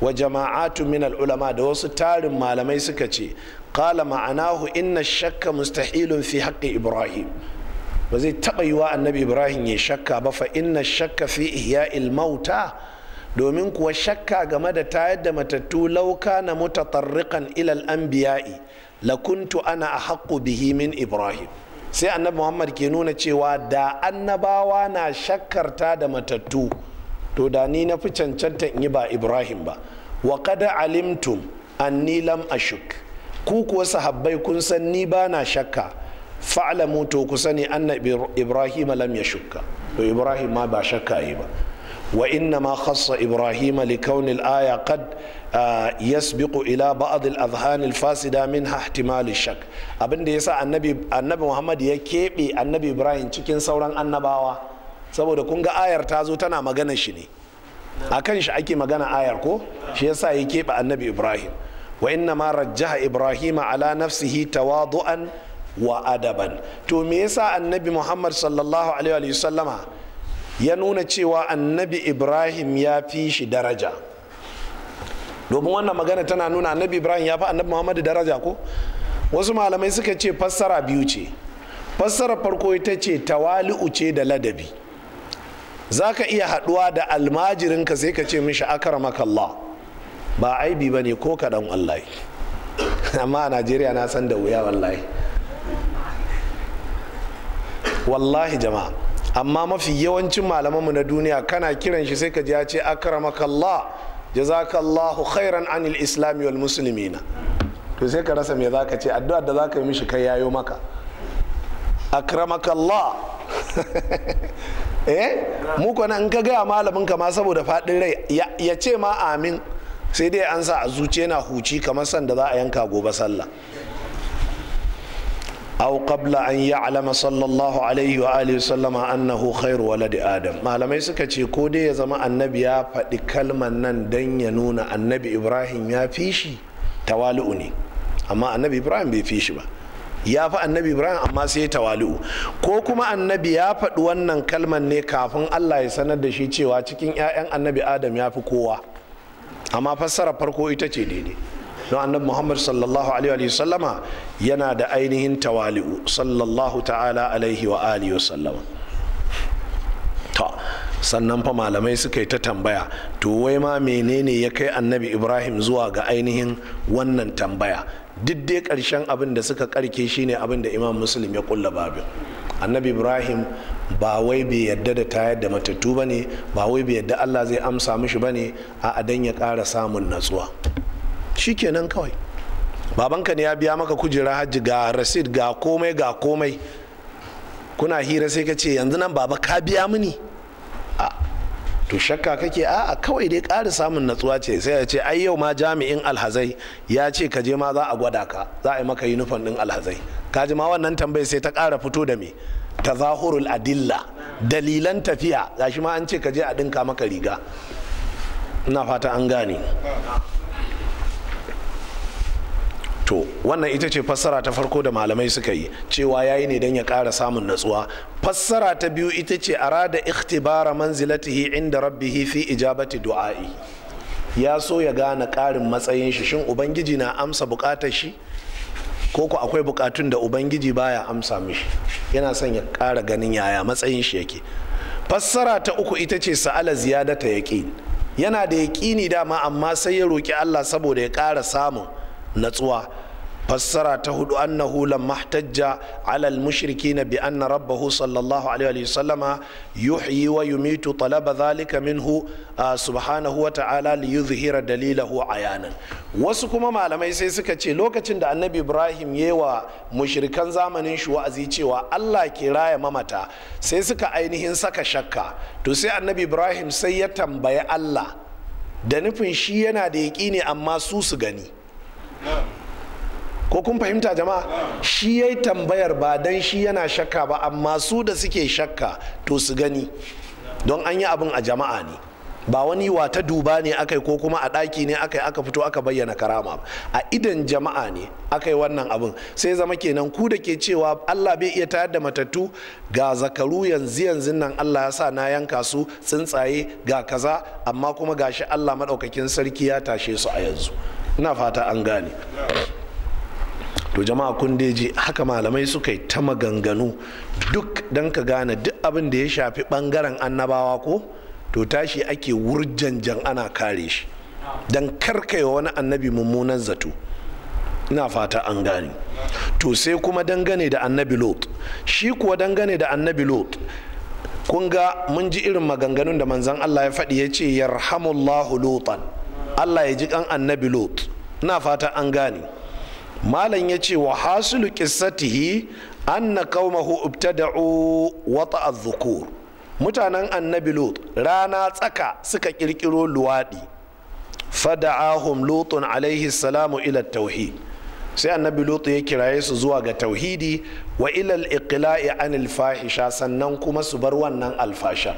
wa jama'atu min al-ulama da wasu tarin malamai suka ce qala ma'anahu inna shakka mustahilun fi haqqi ibrahim ba zai taɓa yiwa annabi ibrahim ya shakka ba fa inna shakka fi ihya'il mauta domin kuwa shakka game da tayar da matattu lauka na mutatarriqan ilal anbiya'i lakuntu ana a haƙƙu bihi min ibrahim sai annabi muhammad ke nuna cewa da annabawa na shakkarta da matattu to da ni na fi cancanta in yi ba ibrahim ba wa kada alimtum anni lam ashuk ku kuwa sahabbai kun san ni ba na shakka fa'lamu to ku sani anna ibrahim lam yashukka to ibrahim ma ba shakka yi ba wa inna ma khassa ibrahim li kaunil aya qad yasbiƙu ila ba'd al fasida min ihtimal shak abin da yasa annabi annabi ya kebe annabi Ibrahim cikin sauran annabawa saboda kun ga ayar ta zo tana magana shi ne akan shi ake magana ayar ko shi yasa ya kebe annabi Ibrahim wa inna ma rajjaha Ibrahim ala nafsihi tawadu'an wa adaban to me yasa annabi Muhammad sallallahu ya nuna cewa annabi Ibrahim ya fi shi daraja domin wannan magana tana nuna annabi ibrahim ya fi annabi muhammadu daraja ko wasu malamai suka ce fassara biyu ce fassara farko ita ce tawali'u ce da ladabi za ka iya haɗuwa da almajirinka sai ka ce mishi akaramaka Allah ba aibi ba ne ko kaɗan wallahi (laughs) amma a najeriya na san da wuya wallahi wallahi jama'a amma mafi yawancin malamanmu na duniya kana kiran shi sai ka ji ya ce akaramaka jazakallahu khairan anil islami wal muslimina to sai ka rasa me zaka ce addu'ar da zaka yi mishi kai yayo maka akramakallah (laughs) eh mu kwana in ka gaya malamin ka ma saboda faɗin rai ya ce ma amin sai dai an sa a zuciya na huci kamar sanda za a yanka gobe sallah aw qabla an ya'lama sallallahu alaihi wa alihi sallama annahu khairu waladi adam malamai suka ce ko dai ya zama annabi ya faɗi kalman nan dan ya nuna annabi ibrahim ya fi shi tawali'u ne amma annabi ibrahim bai fi shi ba ya fi annabi ibrahim amma sai ya tawali'u ko kuma annabi ya faɗi wannan kalman ne kafin allah ya sanar da shi cewa cikin 'ya'yan annabi adam ya fi kowa amma fassara farko ita ce daidai don annab muhammad sallallahu alaihi sallama yana da ainihin tawali'u sallallahu ta'ala alaihi wa alihi wa sallama sannan fa malamai suka yi ta tambaya to wai ma menene ya kai annabi ibrahim zuwa ga ainihin wannan tambaya duk dai karshen abin da suka karke shine abin da imam muslim ya kulla babin annabi ibrahim ba wai bai yadda da tayar da matattu ba ne ba wai bai yadda allah zai amsa mishi ba ne a adan ya kara samun natsuwa shikenan kawai babanka ne ya biya maka kujera hajji ga rasid ga komai ga komai kuna hira sai ka ce yanzu nan baba ka biya mini a to shakka kake a a kawai dai kara samun natsuwa ce sai ya ce ai yau ma jami'in alhazai ya ce ka je ma za a gwada ka za a yi maka yunifon din alhazai ka ji ma wannan tambayi sai ta kara fito da me tazahurul adilla dalilan tafiya gashi ma an ce ka je a dinka maka riga ina fata an gane to wannan ita ce fassara ta farko da malamai suka yi cewa yayi ne don ya ƙara samun natsuwa fassara ta biyu ita ce rada ikhtibara manzilatihi inda rabbihi fi ijabati du'a'i ya so ya gane ƙarin matsayin shi shin ubangiji na amsa buƙatar shi ko ku akwai buƙatun da ubangiji baya amsa mishi yana son ya ƙara ganin yaya matsayin shi yake fassara ta uku ita ce sa'ala ziyadata yaqin yana da yaƙini dama amma sai ya roki Allah saboda ya ƙara samun natsuwa fassara ta hudu annahu lamma mahtajja ala al-mushrikeena bi anna rabbahu sallallahu alaihi wa sallama yuhyi wa yumitu talaba zalika minhu subhanahu wa ta'ala li yuzhira dalilahu ayanan wasu kuma malamai sai suka ce lokacin da annabi ibrahim yewa mushrikan zamanin shi wa'azi cewa Allah ke raya mamata sai suka ainihin saka shakka to sai annabi ibrahim sai ya tambayi Allah da nufin shi yana da yaƙini amma su su gani ko kun fahimta jama'a shi yayi tambayar ba dan shi yana shakka ba amma su da suke shakka to su gani don an yi abin a jama'a ne ba wani wata duba ne aka yi ko kuma a ɗaki ne aka yi aka fito aka bayyana karama a idan jama'a ne aka yi wannan abin sai zama kenan ku da ke cewa allah bai iya tayar da matattu ga zakaru yanzu yanzu nan allah ya sa na yanka su tsuntsaye ga kaza amma kuma gashi allah maɗaukakin sarki ya tashe su a yanzu na fata an gane to jama'a kun ji haka malamai suka yi ta maganganu duk don ka gane duk abin da ya shafi bangaren annabawa ko to tashi ake wurjanjan ana kare shi don karkaiwa wani annabi mummunan zato ina fata an gane to sai kuma dangane da annabi lot shi kuwa dangane da annabi lot kun ga mun ji irin maganganun da manzan allah ya faɗi ya ce yarhamullahu lotan allah ya ji kan annabi lot ina fata an gane malam ya ce wa hasulu qissatihi anna qaumahu ibtada'u wata adh mutanen annabi lut rana tsaka suka kirkiro luwadi fada'ahum lutun alaihi salamu ila tauhid sai annabi lutu ya kiraye su zuwa ga tauhidi wa ilal iqla'i anil fahisha sannan kuma su bar wannan alfasha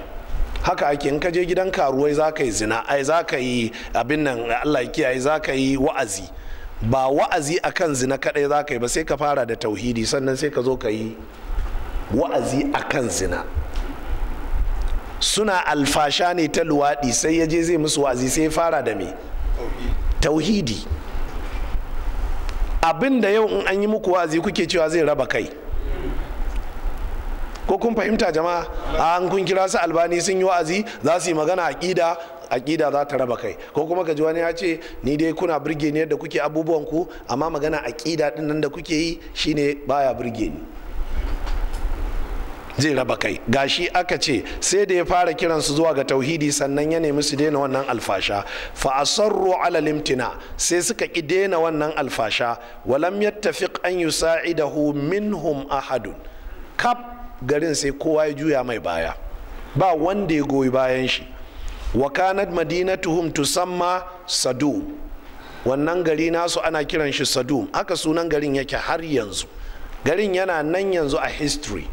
haka ake in ka je gidan karuwai za ka yi zina ai za ka yi abin nan allah ya kiyaye za ka yi wa'azi ba wa'azi akan zina kadai za ka yi ba sai ka fara da tauhidi sannan sai ka zo ka yi wa'azi akan zina suna alfasha ne ta luwaɗi sai ya je zai musu wa'azi sai ya fara da me tauhidi abin da yau in an yi muku wa'azi kuke cewa zai raba kai ko kun fahimta jama'a an kun kira su albani sun yi wa'azi za su yi magana aƙida aqida za ta raba kai ko kuma ka ji wani ya ce ni dai kuna birge ne yadda kuke abubuwan ku amma magana aqida din nan da kuke yi shine baya birge ni zai raba kai gashi aka ce sai da ya fara kiran su zuwa ga tauhidi sannan ya nemi su daina wannan alfasha fa asarru ala limtina sai suka ki daina wannan alfasha walam yattafiq an yusa'idahu minhum ahadun kap garin sai kowa ya juya mai baya ba wanda ya goyi bayan shi kanat madinatuhum tusamma sadum wannan gari nasu ana kiran shi sadum haka sunan garin yake har yanzu garin yana nan yanzu a history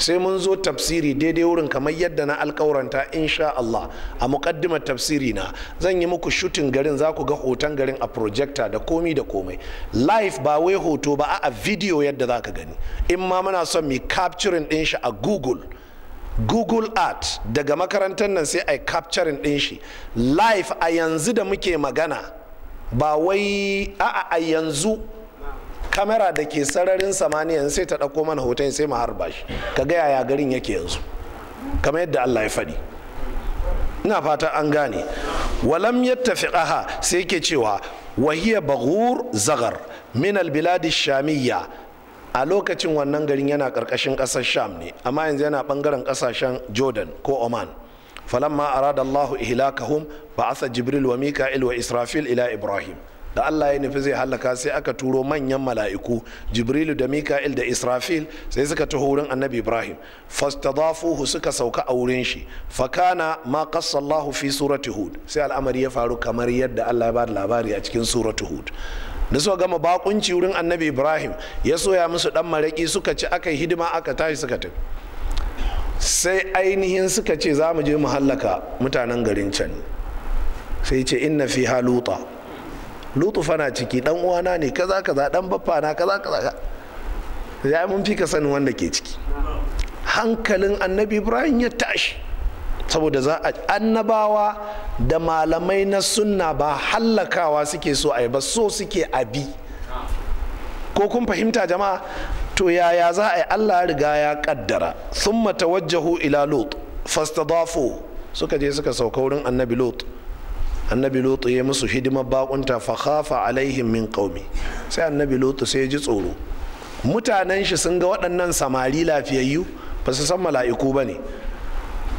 sai mun zo tafsiri daidai wurin kamar yadda na alkawaranta insha Allah a muƙaddimar tafsiri na zan yi muku shutin garin za ku ga hoton garin a projector da komi da komai live ba wai hoto ba a video yadda za ka gani in ma muna son mi capturing din shi a google google art daga makarantar nan sai a capturing din shi live a yanzu da muke magana ba wai a a yanzu kamera da ke sararin samaniya sai ta ɗauko mana hoton sai mu harba shi ka ga yaya garin yake yanzu kamar yadda Allah ya faɗi ina fata an gane walam kaha sai yake cewa wahiya baghur zagar min albilad shamiyya a lokacin wannan garin yana ƙarƙashin ƙasar sham ne amma yanzu yana ɓangaren ƙasashen jordan ko oman falamma arada allahu ihlakahum ba'atha jibril wa mika'il wa israfil ila ibrahim da Allah ya nufi zai halaka sai aka turo manyan mala'iku jibrilu da mika'il da israfil sai suka taho wurin annabi ibrahim fastadafuhu suka sauka a wurin shi fakana ma kasallahu fi surati hud sai al'amari ya faru kamar yadda Allah ya bada labari a cikin surati hud da suka gama bakunci wurin annabi ibrahim ya soya musu dan maraki suka ci aka yi hidima aka tashi suka tafi sai ainihin suka ce za mu je mu hallaka mutanen garin can sai ce inna fi haluta Lutufa na ciki dan uwana ne kaza kaza dan baffa na kaza kaza ya mun fi ka sanin wanda ke ciki hankalin annabi ibrahim ya tashi saboda za a annabawa da malamai na sunna ba hallakawa suke so a yi ba so suke abi ko kun fahimta jama'a to yaya za a yi allah riga ya kaddara sun matawajjahu ila lut fastadafu suka je suka sauka wurin annabi lut annabi lutu ya musu hidimar bakunta fa khafa alaihim min qaumi sai annabi lutu sai ji tsoro mutanen shi sun ga waɗannan samari lafiyayyu ba su san mala'iku ba ne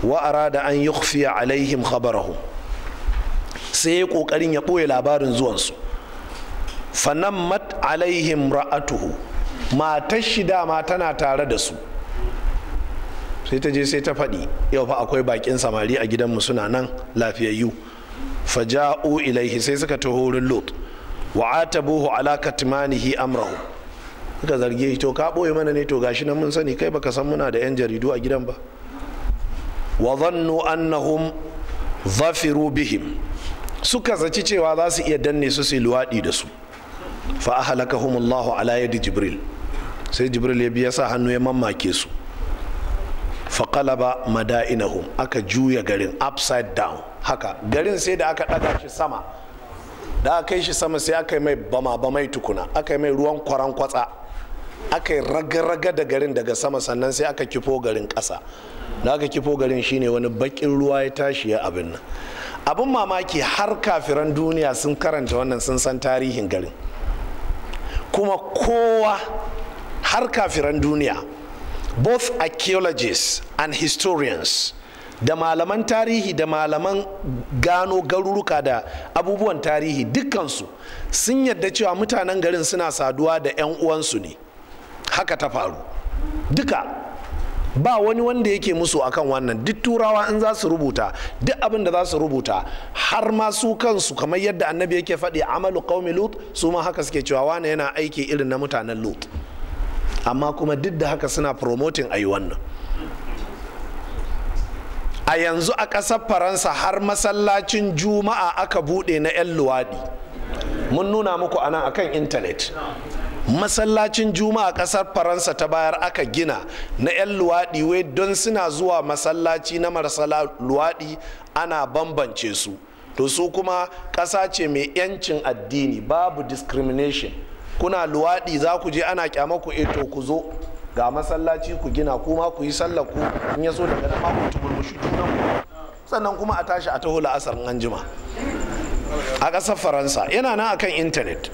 wa arada an yukhfi alaihim khabarahum sai ya kokarin ya ɓoye labarin zuwansu su mat alaihim ra'atuhu matar shi dama tana tare da su sai ta je sai ta faɗi yau fa akwai bakin samari a gidanmu suna nan lafiyayyu faja'u ilaihi sai suka taho wurin lot wa atabuhu ala katmanihi amrahu suka zarge shi to ka boye mana ne to gashi nan mun sani kai baka san muna da yan jaridu a gidan ba wa dhannu annahum zafiru bihim suka zaci cewa za su iya danne su su luwaɗi da su fa ahlakahum Allah ala yadi jibril sai jibril ya biya sa hannu ya mamake su fa qalaba madainahum aka juya garin upside down haka garin sai da aka ɗaga shi sama da aka kai shi sama sai aka yi mai bama bamai tukuna aka yi mai ruwan kwaran kwatsa aka yi raga-raga da garin daga sama sannan sai aka kifo garin ƙasa da aka kifo garin shine wani bakin ruwa ya tashi ya abin nan abin mamaki har kafiran duniya sun karanta wannan sun san tarihin garin kuma kowa har kafiran duniya both archaeologists and historians da malaman tarihi da malaman gano garuruka da abubuwan tarihi dukkansu sun yadda cewa mutanen garin suna saduwa da 'yan uwansu ne haka ta faru duka ba wani wanda yake musu akan wannan duk turawa in za su rubuta duk abin da za su rubuta har ma su kansu kamar yadda annabi yake faɗi amalu qaumi lut su ma haka suke cewa wane yana aiki irin na mutanen lut amma kuma duk da haka suna promoting yi wannan a yanzu a ƙasar faransa har masallacin juma'a aka buɗe na 'yan luwaɗi mun nuna muku anan akan intanet masallacin juma'a ƙasar faransa ta bayar aka gina na 'yan luwaɗi wai don suna zuwa masallaci na marasa luwaɗi ana bambance su to su kuma ƙasa ce mai 'yancin addini babu discrimination kuna luwaɗi za ku je ana kyamaku eto eh ku zo ga masallaci ku gina kuma ku yi sallar ku in ya so daga nan ma ku tumurmushi junan ku sannan kuma a tashi a taho la'asar an jima a ƙasar faransa yana nan akan intanet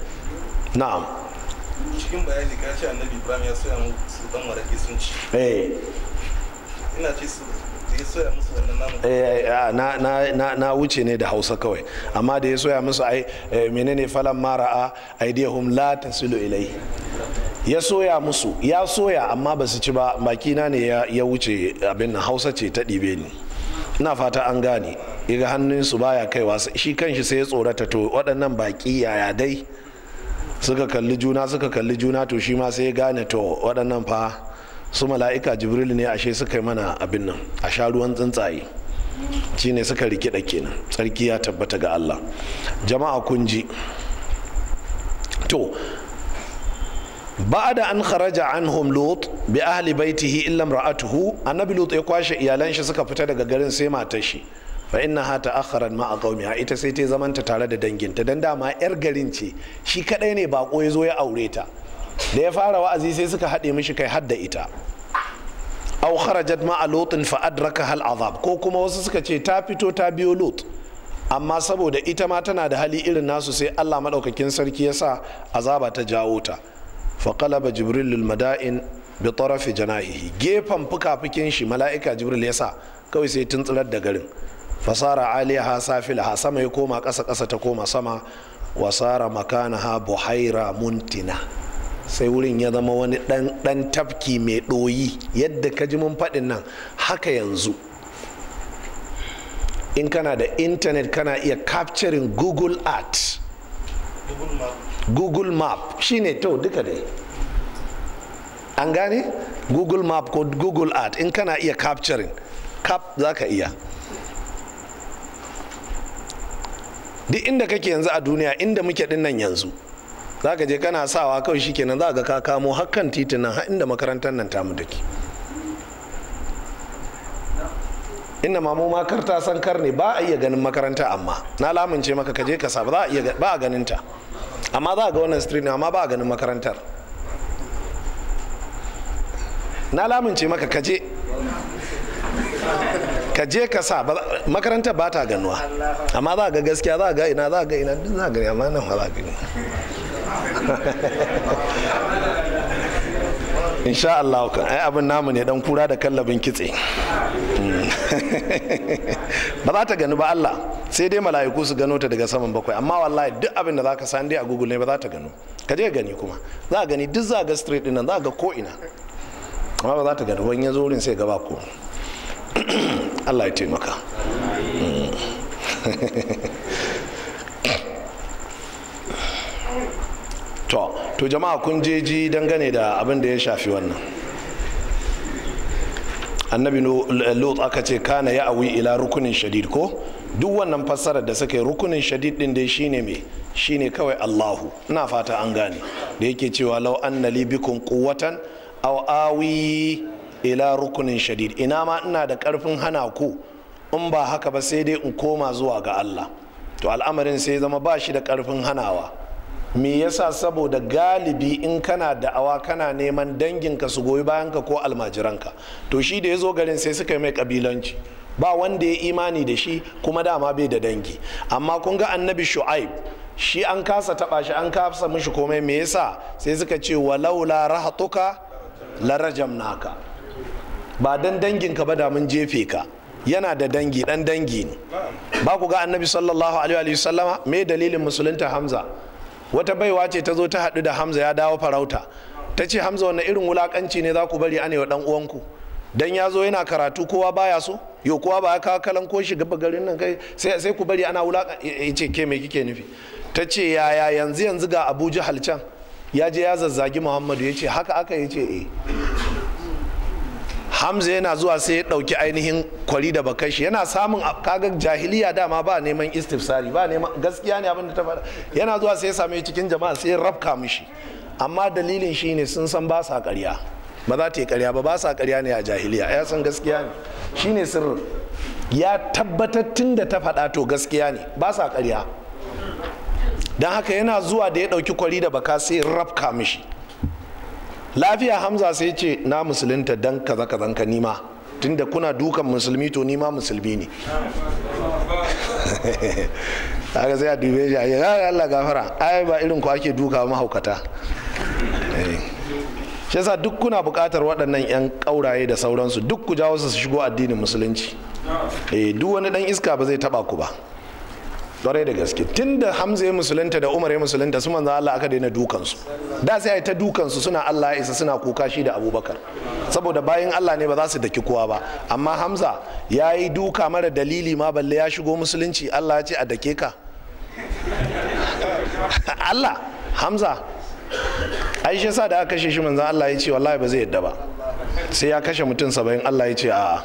na'am cikin bayani ka ce annabi ibrahim ya soya mu su dan maraki sun ci eh. ina ce su Eh, eh, ah, na wuce ne da hausa kawai amma da ya soya musu ai eh, menene falan a aidiyahum la tasilu ilai ya soya musu ya soya amma ba su ci ba bakina ne ya wuce abin nan hausa ce ta ɗibe ni ina fata an gane iga hannunsu baya kaiwa shi kanshi sai ya tsorata to waɗannan baki yaya dai suka kalli juna suka kalli juna to shi ma sai ya gane to waɗannan fa su mala'ika jibril ne ashe suka yi mana abin nan a sha ruwan tsuntsaye shi ne suka da kenan tsarki ya tabbata ga allah jama'a kun ji to ba'ada an kharaja an lut bi ahli baitihi illa ra'atuhu annabi lut ya kwashe iyalan shi suka fita daga garin sai matar shi fa inna innaha ma ma'a ha ita sai ta zamanta tare da danginta dan dama yar garin ce shi kadai ne bako ya zo ya aure ta da ya fara wa'azi sai suka haɗe mishi kai hadda ita aw kharajat ma lutin fa adraka hal azab ko kuma wasu suka ce ta fito ta biyo lut amma saboda ita ma tana da hali irin nasu sai Allah madaukakin sarki ya sa azaba ta jawo ta fa qalaba jibril lil mada'in bi taraf janahihi gefan fukafukin shi mala'ika jibril ya sa kawai sai tun tsirar da garin fasara aliha ha sama ya koma ƙasa ƙasa ta koma sama wasara makanaha buhaira muntina sai wurin ya zama wani ɗan tafki mai ɗoyi yadda ka ji mun faɗin nan haka yanzu in kana da intanet kana iya capturing google art google map shine to duka dai an gane google map ko google art in kana iya capturing cap za ka iya duk inda kake yanzu a duniya inda muke dinnan yanzu za ka je kana sawa kawai shi kenan za ka ka kamo hakan titin nan inda makarantar nan tamu take inda mamu makar ta san kar ne ba a iya ganin makaranta amma na lamince maka ka je ka sa ba a ganin ta amma za a ga wannan street amma ba a ganin makarantar na lamince maka ka je ka je ka sa makarantar ba ta ganuwa amma za ga gaskiya za ga ina za ga ina duk za ga amma nan ba za ga (laughs) insha Allah ai abin namu ne dan kura da kallabin kitse hmm. (laughs) ba za ta gani ba Allah sai dai mala'iku su gano ta daga saman bakwai amma wallahi duk abin da zaka san dai a google ne ba za ta gano ka je gani kuma za gani duk za ga street din nan za ga ko ina amma ba za ta gani wani yazo wurin sai gaba ko (clears throat) Allah ya taimaka hmm. (laughs) to to jama'a kun je ji dangane da abin da ya shafi wannan annabi lut aka ce kana ya awi ila rukunin shadid ko duk wannan fassarar da suka yi rukunin shadid din dai shine me shine kawai allahu ina fata an gane da yake cewa lau anna li bikum quwwatan aw awi ila rukunin shadid ina ma ina da karfin hana ku in ba haka ba sai dai in koma zuwa ga allah to al'amarin sai zama ba shi da karfin hanawa me yasa saboda galibi in kana da'awa kana neman dangin ka su goyi bayan ka ko almajiranka to shi da ya zo garin sai suka yi mai kabilanci ba wanda ya imani da shi kuma dama bai da dangi amma kun ga annabi shu'aib shi an kasa taba shi an kasa mishi komai me yasa sai suka ce walaula rahatuka la rajamnaka ba dan danginka ba da mun jefe ka yana da dangi dan dangi ne ba ku ga annabi sallallahu alaihi wa sallama me dalilin musulunta hamza wata baiwa ce ta zo ta haɗu da hamza ya dawo farauta ta ce hamza wani irin wulakanci ne za ku bari anewa dan uwanku dan ya zo yana karatu kowa baya so yo kowa ba ya kawo kalan ko shiga garin nan kai sai ku bari ana wulakan ce ke me kike nufi ta ce yaya yanzu yanzu ga Abuja jahal can ya je ya zazzagi muhammadu ya ce haka aka yi ce eh hamza yana zuwa sai ya ɗauki ainihin kwari da shi yana samun kaga jahiliya dama ba neman istifsari ba neman gaskiya ne abin da ta faɗa yana zuwa sai ya same cikin jama'a sai ya rafka mishi amma dalilin shi ne sun san ba sa ƙarya ba za ta yi ƙarya ba ba sa ƙarya ne a jahiliya ya san gaskiya ne shi ne sirri ya tabbatar tun da ta faɗa to gaskiya ne ba sa ƙarya don haka yana zuwa da ya ɗauki kwari da baka sai rafka mishi lafiya hamza sai ce na musulunta dan kaza kaza ka nima tunda kuna dukan musulmi to nima musulmi ne haka (laughs) sai a dube shi a yi Allah gafara ai ba irin ku ake duka mahaukata eh. shi yasa duk kuna bukatar waɗannan 'yan ƙauraye da sauransu duk ku jawo su shigo addinin musulunci eh, duk wani ɗan iska ba zai taba ku ba kwarai da gaske tun da hamza ya musulunta da umar ya musulunta su manzo Allah aka daina dukansu da sai ai ta dukansu suna Allah ya isa suna kuka shi da abubakar saboda bayan Allah ne ba za su daki kowa ba amma hamza ya yi duka mara dalili ma balle ya shigo musulunci Allah ya ce a dake ka (laughs) Allah hamza aisha sa da aka kashe shi manzo Allah ya ce wallahi ba zai yadda ba sai ya kashe mutum saba'in Allah ya ce a'a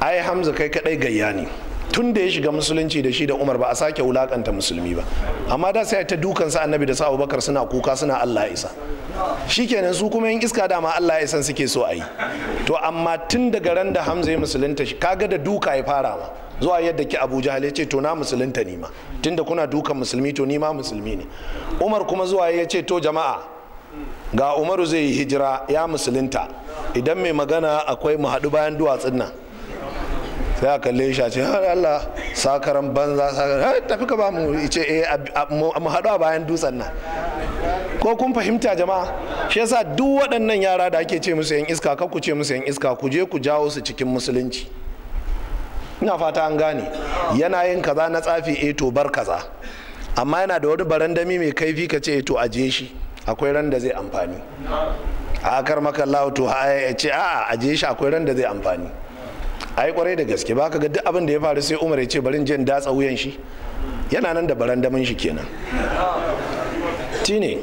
ai hamza kai kadai gayya ne tun da ya shiga musulunci da shi da umar ba a sake wulakanta musulmi ba amma da sai ta dukan sa annabi da sa'u abubakar suna kuka suna allah isa kenan su kuma yin iska dama allah isa suke so a yi to amma tun daga ran da hamza ya musulunta shi kaga da duka ya fara ma zuwa yadda ki Abuja jahal ya ce to na musulunta nima tunda kuna dukan musulmi to nima musulmi ne umar kuma zuwa ya ce to jama'a ga umaru zai yi hijira ya musulunta idan mai magana akwai mu haɗu bayan duwatsun nan sai a kalle shi a ce har Allah sakaran banza sakaran tafi ka ba mu eh mu haɗu a bayan dutsen nan ko kun fahimta jama'a shi yasa duk waɗannan yara da ake ce musu yan iska ka ku ce musu yan iska ku je ku jawo su cikin musulunci ina fata an gane yana yin kaza na tsafi eh to bar kaza amma yana da wani barandami mai kaifi ka ce to aje shi akwai ran da zai amfani a akar maka to ya ce a'a aje shi akwai ran da zai amfani a yi kwarai da gaske ba ka ga duk abin ya faru sai umar ya ce barin jin datsa wuyan shi yana nan da damin shi kenan tine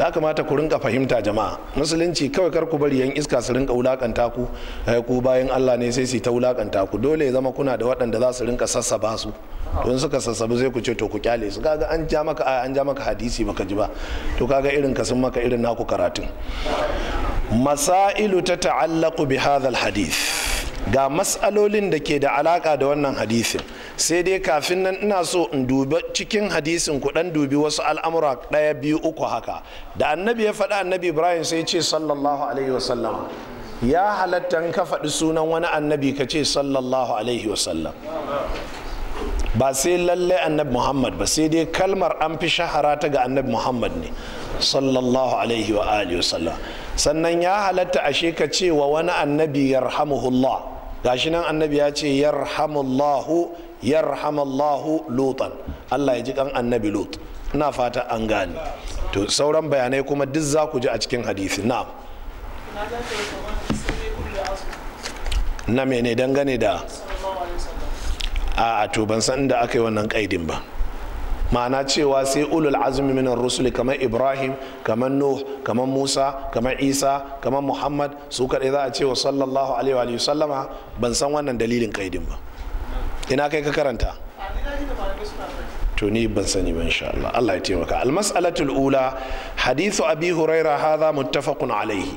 ya kamata ku rinka fahimta jama'a musulunci kawai kar ku bari yan iska su rinka wulakanta ku eh, ku bayan Allah ne sai su ta wulakanta ku dole ya zama kuna da waɗanda za su rinka sassaba su don suka sassabu zai ku ce to ku kyale su kaga an ja maka an ja maka hadisi baka ji ba to kaga irin ka sun maka irin naku karatun masailu ta ta'allaku bi hadha hadith ga matsalolin da ke da alaka da wannan hadisin sai dai kafin nan ina so in dubi cikin hadisin ku dan dubi wasu al'amura ɗaya biyu uku haka da annabi ya faɗa annabi ibrahim sai ce sallallahu alaihi wasallama ya halatta ka faɗi sunan wani annabi ka ce sallallahu alaihi wasallam ba sai lallai annabi muhammad ba sai dai kalmar an fi shahara ta ga annabi muhammad ne sallallahu alaihi wa alihi wasallam sannan ya halatta ashe ka ce wa wani annabi yarhamuhullah gashi nan annabi ya ce yarhamallahu yarhamallahu lutan Allah ya ji kan annabi lut ina fata an gane to sauran bayanai kuma duk za ku ji a cikin hadisi na. na mene dangane da a to ban san inda aka yi wannan kaidin ba ma'ana cewa sai ulul azumi minan rusuli kamar ibrahim kamar nuh kamar musa kamar isa kamar muhammad su kaɗai za a cewa sallallahu alaihi wa sallama ban san wannan dalilin kaidin ba ina kai ka karanta to ni ban sani ba insha Allah Allah ya taimaka almas'alatul ula hadithu abi huraira hadha muttafaqun alaihi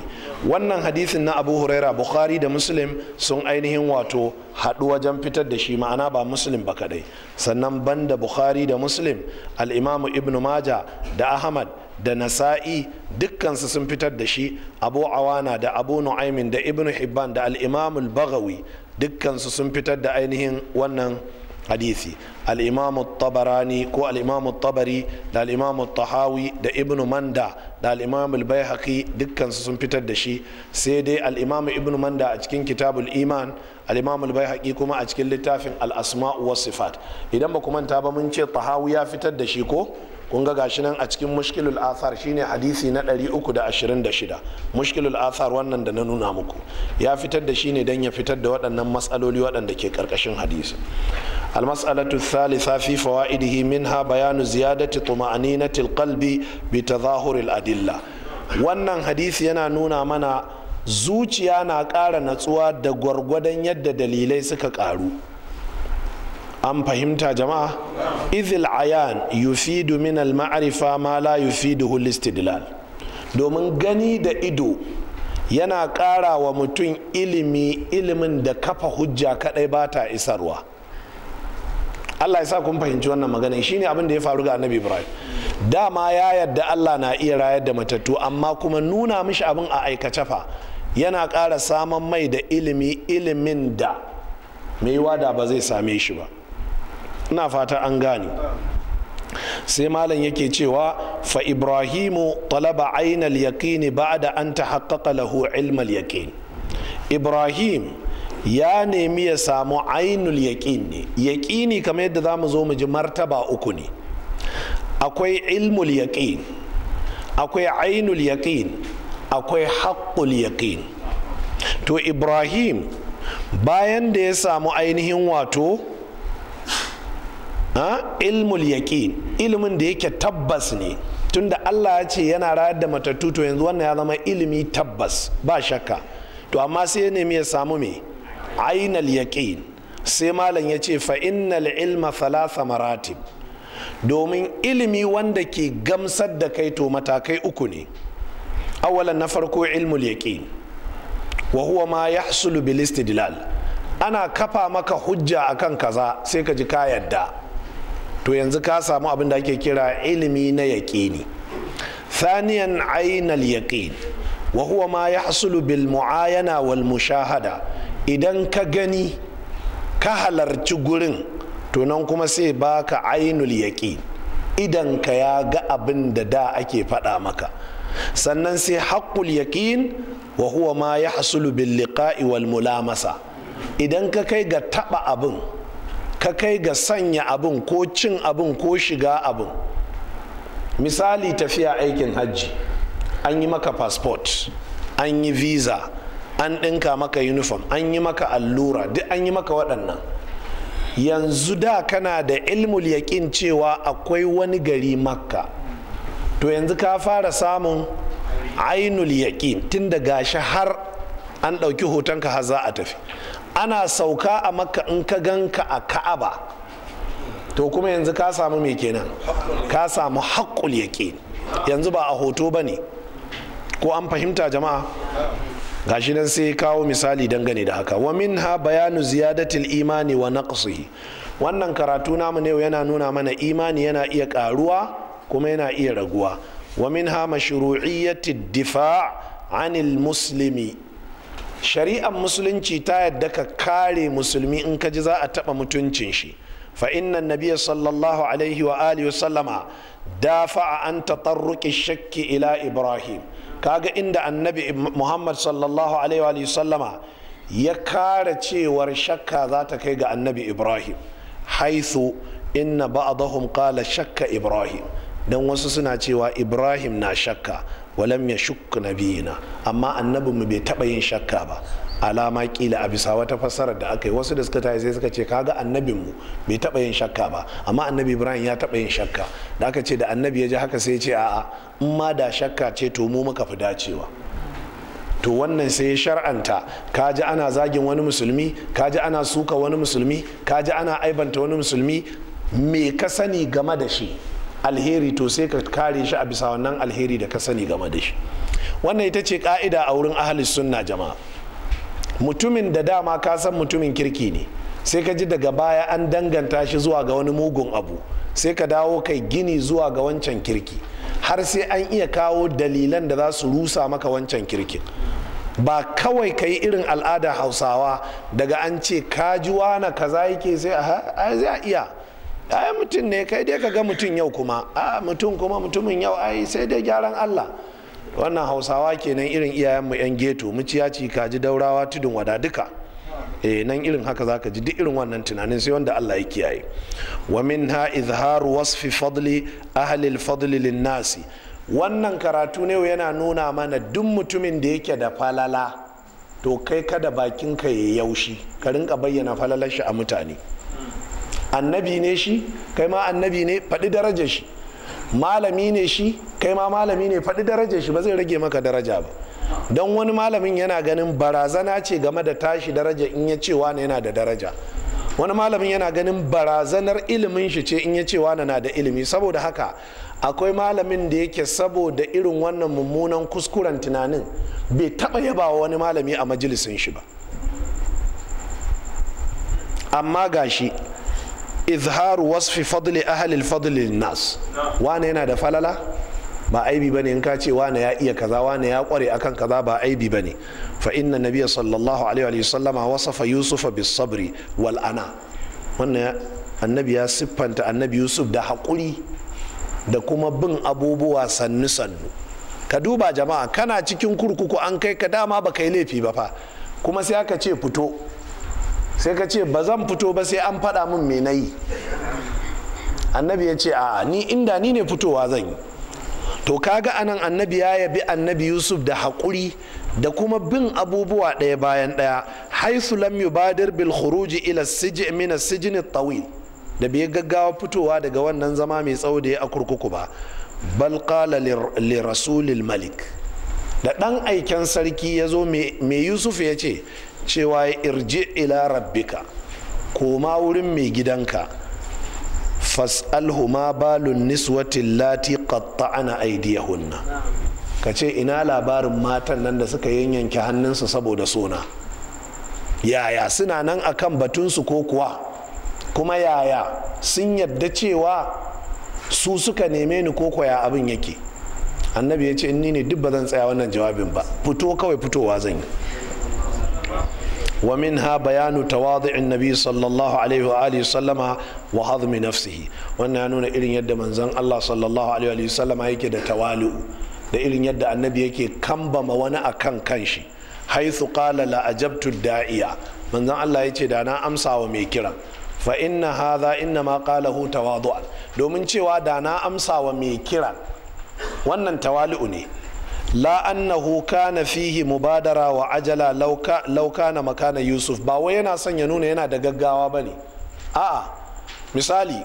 wannan hadisin na abu huraira bukhari da muslim sun ainihin wato haɗu wajen fitar da shi ma'ana ba muslim ba kadai sannan banda bukhari da muslim al-imamu ibn maja da ahmad da nasa'i dukkansu sun fitar da shi abu awana da abu nu'aimin da ibn hibban da al-imamul bagawi dukkansu sun fitar da ainihin wannan hadisi al-imam tabarani ko al-imam tabari da al-imam tahawi da ibnu manda da al-imam al-baihaqi dukkan sun fitar da shi sai dai al-imam ibnu manda a cikin kitabul iman al-imam al kuma a cikin littafin al-asma wa sifat idan ba ku manta ba mun ce tahawi ya fitar da shi ko kun ga gashi nan a cikin mushkilul athar shine hadisi na 326 mushkilul athar wannan da na nuna muku ya fitar da shi ne don ya fitar da waɗannan matsaloli waɗanda ke karkashin hadisi المسألة الثالثة في فوائده منها بيان زيادة طمأنينة القلب بتظاهر الأدلة wannan hadisi yana nuna mana zuciya na ƙara natsuwa da gwargwadon yadda dalilai suka ƙaru an fahimta jama'a izil ayan yufidu min ma'arifa ma la yufidu istidlal domin gani da ido yana ƙara wa mutum ilimi ilimin da kafa hujja kaɗai ba ta isarwa Allah ya sa kun fahimci wannan magana shine abin da ya faru ga Annabi Ibrahim dama ya yadda Allah na iya rayar da matattu amma kuma nuna mishi abin a aikace fa yana ƙara saman mai da ilimi ilimin da mai wada ba zai same shi ba ina fata an gane sai malam yake cewa fa ibrahimu talaba ainal yaqini ba'da an tahaqqaqa lahu ilmal yaqin ibrahim ya nemi ya samu ainul yaƙin ne yaƙini kamar yadda za mu zo mu ji martaba uku ne akwai ilmul yaƙin akwai ainul yaƙin akwai haƙƙul yaƙin to ibrahim bayan da ya samu ainihin wato ilmul yaƙin ilimin da yake tabbas ne tunda Allah ya ce yana rayar da matattu to yanzu wannan ya zama ilimi tabbas ba shakka to amma sai ya nemi ya samu mai ainal yaqin sai malam ya ce fa innal ilma thalatha maratib domin ilimi wanda ke gamsar da kai to matakai uku ne awalan na farko ilmul yaqin wa huwa ma yahsulu bil istidlal ana kafa maka hujja akan kaza sai ka ji ka yadda to yanzu ka samu abin da ake kira ilimi na yaqini thaniyan ainal yaqin wa huwa ma yahsulu bil muayana wal mushahada idan ka gani ka halarci gurin to kuma sai baka ainul yaƙi idan ka ya ga abin da da ake faɗa maka sannan sai haƙƙul yaƙin wa huwa ma ya hasulu bin liƙa'i wal mulamasa idan ka kai ga taɓa abin ka kai ga sanya abin ko cin abin ko shiga abin misali tafiya aikin hajji an yi maka fasfot an yi visa an ɗinka maka uniform an yi maka allura duk an yi maka waɗannan yanzu da kana da ilmul yaƙin cewa akwai wani gari makka to yanzu ka fara samun ainul yaƙin tun da gashi har an ɗauki hotonka har za a tafi ana sauka a makka in ka gan ka a ka'aba to kuma yanzu ka samu me kenan ka samu haƙƙul yaƙin yanzu ba a hoto ba ne ko an fahimta jama'a gashi nan sai kawo misali dangane da haka wa min ha bayanu ziyadatil imani wa naqsihi wannan karatu namu ne yana nuna mana imani yana iya karuwa kuma yana iya raguwa wa min minha mashru'iyyati difa' anil muslimi shari'ar musulunci ta yadda ka kare musulmi in ka ji za a taba mutuncin shi fa inna nabiyya sallallahu alaihi wa alihi wa sallama dafa'a an tatarruqi shakki ila ibrahim kaga inda annabi muhammad sallallahu alaihi sallama ya kara cewar shakka za ta kai ga annabi ibrahim haithu inna ba'dahum qala shakka ibrahim don wasu suna cewa ibrahim na shakka walam ya shukku nabiyina amma annabi mu bai taɓa yin shakka ba alama kila a bisa wata fassarar da aka yi wasu da suka tayi sai suka ce kaga mu bai taba yin shakka ba amma annabi ibrahim ya taba yin shakka da aka ce da annabi ya ji haka sai ce a'a in ma da shakka ce to mu muka fi dacewa to wannan sai ya shar'anta ka ji ana zagin wani musulmi ka ji ana suka wani musulmi ka ji ana aibanta wani musulmi me ka sani game da shi alheri to sai ka kare shi a bisa wannan alheri da ka sani game da shi wannan ita ce ka'ida a wurin ahalis sunna jama'a mutumin da dama ka san mutumin kirki ne sai ka ji daga baya an danganta shi zuwa ga wani mugun abu sai ka dawo kai gini zuwa ga wancan kirki har sai an iya kawo dalilan da za su rusa maka wancan kirkin ba kawai ka yi irin al'ada hausawa daga an ce kajuwa na kaza yake sai a zai iya ai mutum ne kai dai ka ga mutum yau kuma a ah, mutum kuma mutumin yau ai sai dai gyaran allah wannan hausawa kenan irin iyayenmu yan geto ci kaji daurawa tudun wada duka eh nan irin haka zaka ji duk irin wannan tunanin sai wanda Allah ya kiyaye wa minha izhar wasfi fadli ahli al-fadli lin wannan karatu ne yana nuna mana duk mutumin da yake da falala to kai kada bakin ka ya yaushi ka rinka bayyana falalar shi a mutane annabi ne shi kai ma annabi ne faɗi darajar shi malami ne shi kai ma malami ne faɗi daraja shi ba zai rage maka daraja ba don wani malamin yana ganin barazana ce game da tashi daraja in ya cewa na yana da daraja wani malamin yana ganin barazanar ilimin shi ce in ya cewa na da ilimi saboda haka akwai malamin da yake saboda irin wannan mummunan kuskuren tunanin bai taɓa yabawa wani malami a majalisin shi ba amma gashi izharu wasfi fadli ahalil fadli nas wane yana da falala ba aibi bane in ka ce wane ya iya kaza wane ya kware akan kaza ba aibi bane. fa inna nabiyya sallallahu alaihi wa sallama wasafa yusufa bis sabri wal ana wannan annabi ya siffanta annabi yusuf da haƙuri da kuma bin abubuwa sannu sannu ka duba jama'a kana cikin kurkuku an kai ka dama baka yi laifi ba fa kuma sai aka ce fito sai ka ce ba zan fito ba sai an faɗa min me na yi annabi ya ce a ni inda ni ne fitowa zan yi to kaga anan annabi ya yabi annabi yusuf da haƙuri da kuma bin abubuwa ɗaya bayan ɗaya haisu lam yubadir bil khuruji ila sijin min sijin tawil da bai gaggawa fitowa daga wannan zama mai tsawo da ya a kurkuku ba bal qala li rasulil malik da ɗan aiken sarki ya zo mai yusuf ya ce cewa ya irji ila rabbika koma wurin mai gidanka fas'alhu ma balun niswatin lati qatta'ana aydiyahunna ka ce ina labarin matan nan da suka yanyanke hannunsu saboda suna yaya suna nan akan batunsu ko kuwa kuma yaya sun yadda cewa su suka neme ni ko kwaya abin yake annabi ya ce ni ne duk ba zan tsaya wannan jawabin ba fito kawai fitowa zan yi ومنها بيان تواضع النبي صلى الله عليه وآله وسلم وهضم نفسه وانا نون إلين يد من زن الله صلى الله عليه وآله وسلم هيك دا توالؤ دا إلين يد النبي يكي كمبا وانا أكن كنشي حيث قال لا أجبت الداعية من زن الله يتي دانا أمسى وميكرا فإن هذا إنما قاله تواضعا دومن cewa da na amsa wa mai kiran wannan tawali'u ne la annahu kana fihi mubadara wa ajala lauka na makana yusuf ba wai yana son ya nuna yana da gaggawa ba ne a'a misali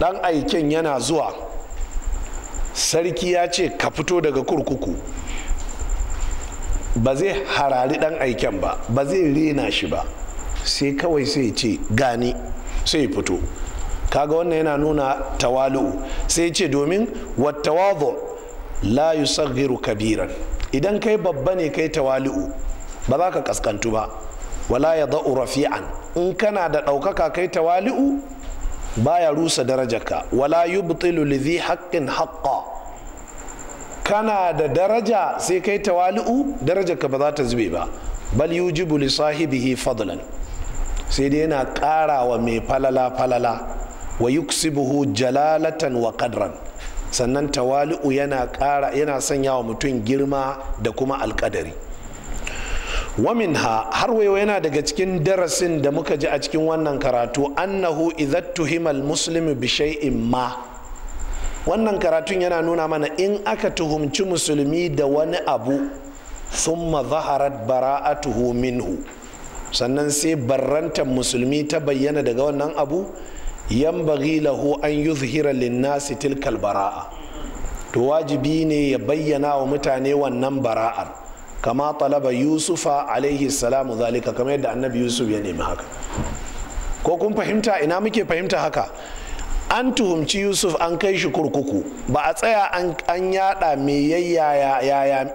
dan aiken yana zuwa sarki ya ce ka fito daga kurkuku ba zai harari dan aiken ba ba zai rena shi ba sai kawai sai ce gani sai fito kaga wannan yana nuna tawalu sai ce domin wattawadhu la yusaghiru kabiran idan kai babba ne kai tawali'u ba za ka kaskantu ba wala ya da'u rafi'an in kana da ɗaukaka kai tawali'u baya rusa darajarka wala yubtilu lidhi haqqin haqqa kana da daraja sai kai tawali'u darajarka ba za ta zube ba bal yujibu li sahibihi fadlan sai dai yana ƙara wa mai falala falala wa yuksibuhu jalalatan wa qadran sannan tawali'u yana kara yana sanya wa mutum girma da kuma alƙadari waminha har wayo yana daga cikin darasin da muka ji a cikin wannan karatu annahu idza tuhimal musulmi bishai in ma wannan karatun yana nuna mana in aka tuhumci musulmi da wani abu thumma zaharat bara'atuhu minhu sannan sai barrantar musulmi ta bayyana daga wannan abu Yan bagi lahu an yuzhira linnasi tilkal bara'a to wajibi ne ya bayyana wa mutane wannan bara'ar kama talaba yusufa alaihi salamu zalika kama yadda annabi yusuf ya nemi haka ko kun fahimta ina muke fahimta haka an tuhumci yusuf an kai shi kurkuku ba a tsaya an yada me yaya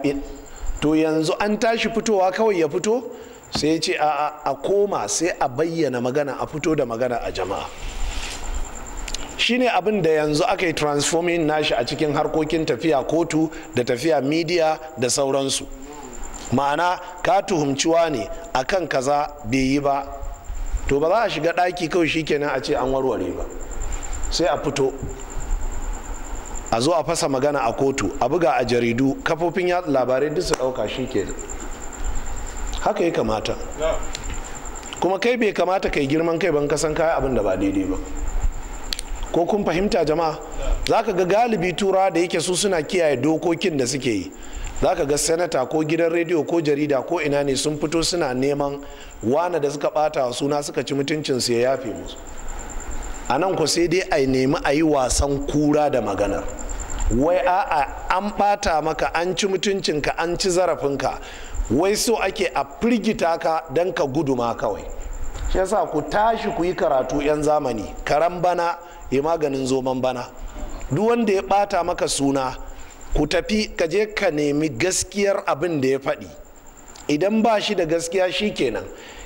to yanzu an tashi fitowa kawai ya fito sai ce a koma sai a bayyana magana a fito da magana a jama'a shine abin da yanzu aka yi transforming nashi a cikin harkokin tafiya kotu da tafiya media da sauransu ma'ana ka tuhumciwa ne akan kaza bai yi ba to ba za a shiga ɗaki kawai shikenan a ce an warware ba sai a fito a zo a fasa magana a kotu a buga a jaridu kafofin yatsa labarai duk su ɗauka shikenan haka ya kamata kuma kai bai kamata kai girman kai ban kasan kaya abin da ba daidai ba ko kun fahimta jama'a za ka ga galibi turawa da yake su suna kiyaye dokokin da suke yi za ka ga sanata ko gidan rediyo ko jarida ko ina ne sun fito suna neman wana da suka bata suna suka ci mutuncinsu ya yafe musu a nan ku sai dai a nemi a yi wasan kura da maganar wai a'a an bata maka an ci mutuncinka an ci zarafinka wai so ake a firgita ka don ka gudu ma kawai yasa ku tashi ku yi karatu 'yan zamani karan bana ya maganin zoman bana duk wanda ya bata maka suna ku tafi ka je ka nemi gaskiyar abin da ya faɗi idan ba shi da gaskiya shi kenan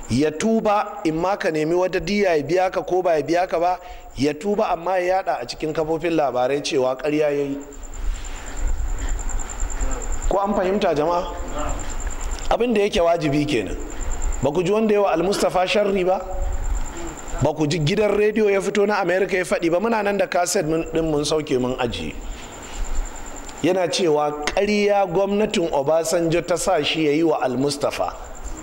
ya tuba in ma ka nemi wata diya ya biya ka ko ba ya biya ka ba ya tuba amma ya yada a cikin kafofin labarai cewa karya ya yi ko an fahimta jama'a abin da yake wajibi kenan ba ku ji wanda yawa al-mustafa sharri ba ba ku ji gidan rediyo ya fito na amerika ya faɗi ba muna nan da kaset din mun sauke mun aji yana cewa ƙarya gwamnatin obasanjo ta sa shi ya yi wa almustafa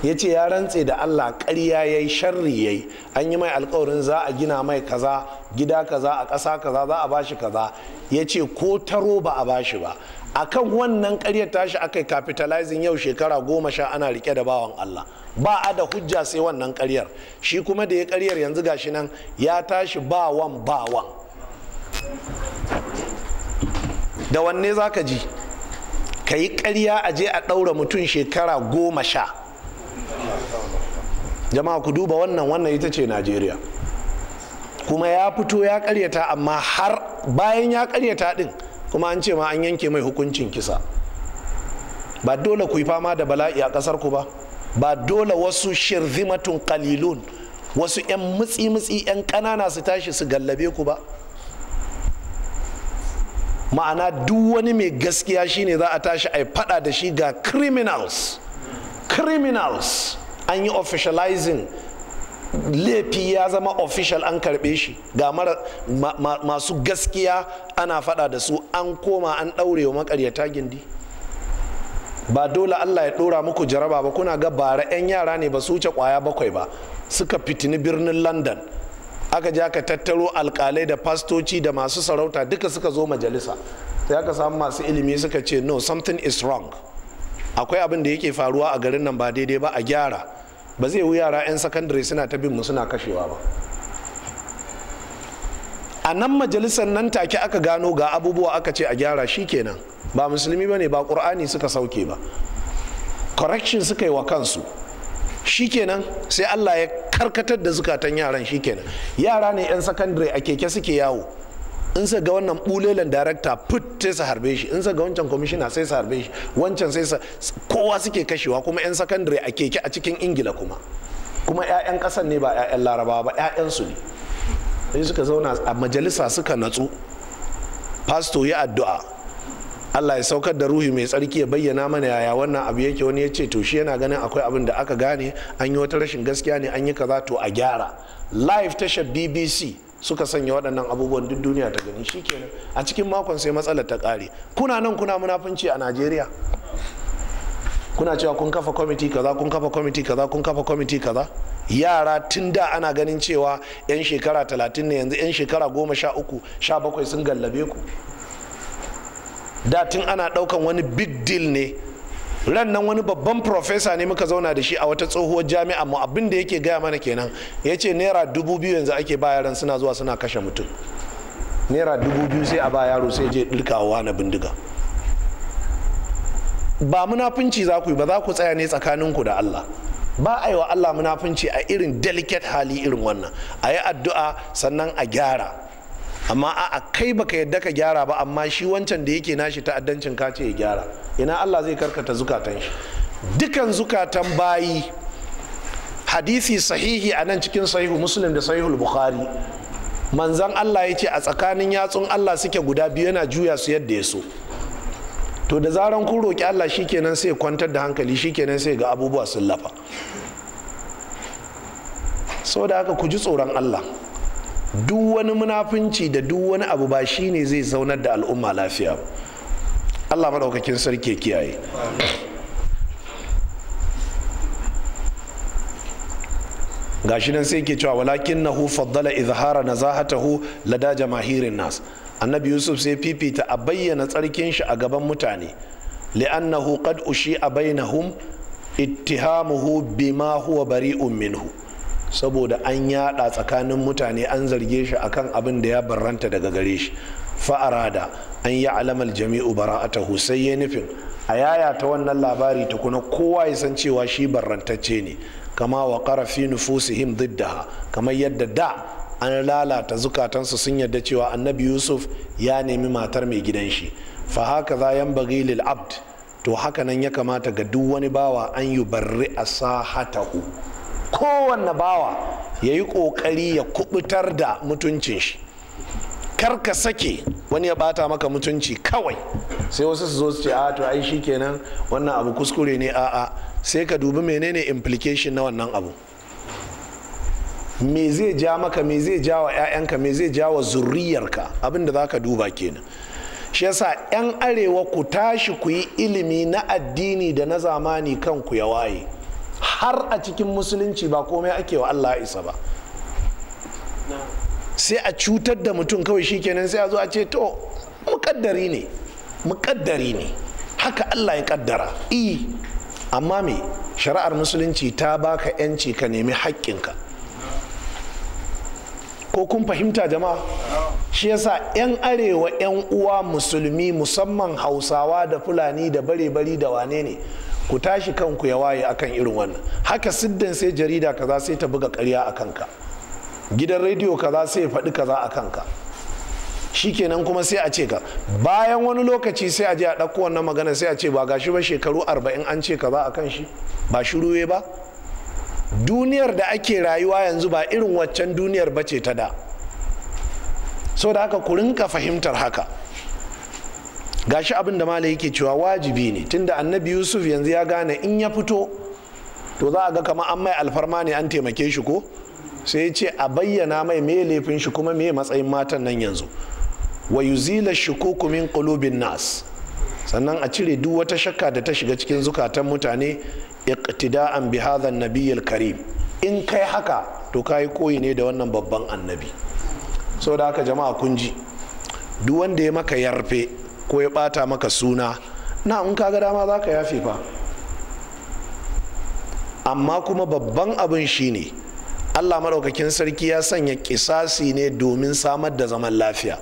ya ce ya rantse da allah ƙarya ya yi sharri ya yi an yi mai alkawarin za a gina mai kaza gida kaza a ƙasa kaza za a bashi kaza ya ce ko taro ba a bashi ba akan wannan karyar tashi aka yi capitalizing yau shekara goma sha ana rike da bawan Allah ba a da hujja sai wannan karyar shi kuma da ya karyar yanzu gashi nan ya tashi bawan bawan da wanne za ka ji ka yi karya a je a ɗaura mutum shekara goma sha jama'a ku duba wannan wannan ita ce najeriya kuma ya fito ya karyata amma har bayan ya karyata ɗin kuma an ce ma an yanke mai hukuncin kisa ba dole ku yi fama da bala'i a kasar ku ba ba dole wasu shirzimatun kalilun wasu 'yan mutsi-mutsi 'yan ƙanana su tashi su gallabe ku ba ma'ana duk wani mai gaskiya shine za a tashi a fada da shi ga criminals criminals an yi officializing laifi ya zama official an karbe shi ga masu gaskiya ana fada da su an koma an daure wa makaryata gindi ba dole Allah ya dora muku jaraba ba kuna ga bara 'yan yara ne ba su wuce kwaya bakwai ba suka fitini birnin london aka ji aka tattaro alkalai da fastoci da masu sarauta duka suka zo majalisa sai aka samu masu ilimi suka ce no something is wrong akwai abin da yake faruwa a garin nan ba daidai ba a gyara ba zai yi yara 'yan sakandare suna ta bin mu suna kashewa ba a nan majalisar nan take aka gano ga abubuwa aka ce a gyara shi kenan ba musulmi ba ne ba ƙur'ani suka sauke ba correction suka yi wa kansu Shikenan sai allah ya karkatar da zukatan yaran shikenan. yara ne 'yan sakandare a keke suke yawo in sa ga wannan bulelan darakta put sai su harbe shi in sa ga wancan commissioner sai su harbe shi wancan sai sa, kowa suke kashewa kuma 'yan sakandare a keke a cikin ingila kuma kuma 'ya'yan kasan ne ba 'ya'yan larabawa ba 'ya'yansu ne sai suka zauna a majalisa suka natsu pastor ya addu'a Allah ya saukar da ruhi mai tsarki ya bayyana mana yaya wannan abu yake wani ya ce to shi yana ganin akwai abin da aka gane an yi wata rashin gaskiya ne an yi kaza to a gyara live tashar bbc suka sanya waɗannan abubuwan duk duniya ta gani shikenan a cikin makon sai matsalar ta ƙare kuna nan kuna munafunci a najeriya kuna cewa kun kafa kwamiti kaza kun kafa kwamiti kaza kun kafa kwamiti kaza yara tun da ana ganin cewa 'yan shekara talatin ne yanzu 'yan shekara goma sha uku sha bakwai sun gallabe ku da tun ana ɗaukan wani big deal ne ran nan wani babban profesa ne muka zauna da shi a wata tsohuwar jami'a mu abin da yake gaya mana kenan ya ce naira dubu biyu yanzu ake ba yaran suna zuwa suna kashe mutum naira dubu biyu sai a ba yaro sai je dirkawa na bindiga ba munafunci za ku yi ba za ku tsaya ne tsakaninku da Allah ba a yi wa Allah munafunci a irin delicate hali irin wannan a yi addu'a sannan a gyara amma a'a kai baka yadda ka gyara ba amma shi wancan da yake nashi ta'addancin ka ce ya gyara ina Allah zai karkata zukatan shi dukan zukatan bayi hadisi sahihi a nan cikin sahihu muslim da sahihul bukhari manzan Allah ya ce a tsakanin yatsun Allah suke guda biyu yana juya su yadda ya so to da zaran kun roki Allah shikenan sai kwantar da hankali shikenan sai ga abubuwa sun lafa saboda haka ku ji tsoron Allah duk wani munafunci da duk wani abu ba shi ne zai zaunar da al'umma lafiya allah maɗaukakin sarki kiyaye gashi nan sai ke cewa walakin na hu faddala izhara na zahatahu lada jamahirin nas annabi yusuf sai fifita a bayyana tsarkin shi a gaban mutane li'annahu qad ushi a bainahum ittihamuhu bima huwa bari'un minhu saboda an yada tsakanin mutane an zarge shi akan abin da ya barranta daga gare shi fa'arada an yi alamar jami'u bara'atahu sai ya nufin a yaya ta wannan labari ta kuna kowa ya san cewa shi barrantacce ne kama wa karafi nufusihim diddaha kamar yadda da an lalata zukatansu sun yadda cewa annabi yusuf ya nemi matar mai gidan shi fa haka za yan bagi lil abd to haka nan ya kamata ga duk wani bawa an yi barri a sahatahu kowanne bawa ya yi ƙoƙari ya kubutar da mutuncin shi kar ka sake wani ya bata maka mutunci kawai sai wasu su zo su ce a ah, to ai shi kenan wannan abu kuskure ne a'a sai ka dubi menene implication na wannan abu me zai ja maka me zai ja wa 'ya'yanka me zai ja wa zurriyarka abin da za ka duba kenan shi yasa 'yan arewa ku tashi ku yi ilimi na addini da na zamani kanku ya waye har a cikin musulunci ba komai ake wa Allah isa ba sai a cutar da mutum kawai shikenan sai a zo a ce to mukaddari ne mukaddari ne haka Allah ya kaddara i e, amma me shari'ar musulunci ta baka yanci ka nemi haƙƙinka ko kun fahimta jama'a shi yasa 'yan arewa 'yan uwa musulmi musamman hausawa da fulani da bare-bari da wane ne ku tashi kanku ya waye akan irin wannan haka siddin sai jarida kaza sai ta buga karya a kanka gidan rediyo kaza sai faɗi kaza a kanka kenan kuma sai a ce ka bayan wani lokaci sai a je a ɗauko wannan magana sai a ce ba gashi ba shekaru arba'in an ce kaza a kan shi ba shiruwe ba duniyar da ake rayuwa yanzu ba irin waccan duniyar bace ta da so da haka ku rinka fahimtar haka gashi abin da malai yake cewa wajibi ne tunda annabi yusuf yanzu ya gane in ya fito to za a ga kamar an mai alfarma ne an taimake shi ko sai ya ce a bayyana mai me laifin shi kuma me matsayin matan nan yanzu wa yuzila shukuku min qulubin nas sannan a cire duk wata shakka da ta shiga cikin zukatan mutane iqtida'an bi hadhan nabiyil karim in kai haka to kai koyi ne da wannan babban annabi saboda haka jama'a kun ji duk wanda ya maka yarfe ko ya bata maka suna na in ga dama za ka yafe fa amma kuma babban abin shine allah maɗaukakin sarki ya sanya kisasi ne domin samar da zaman lafiya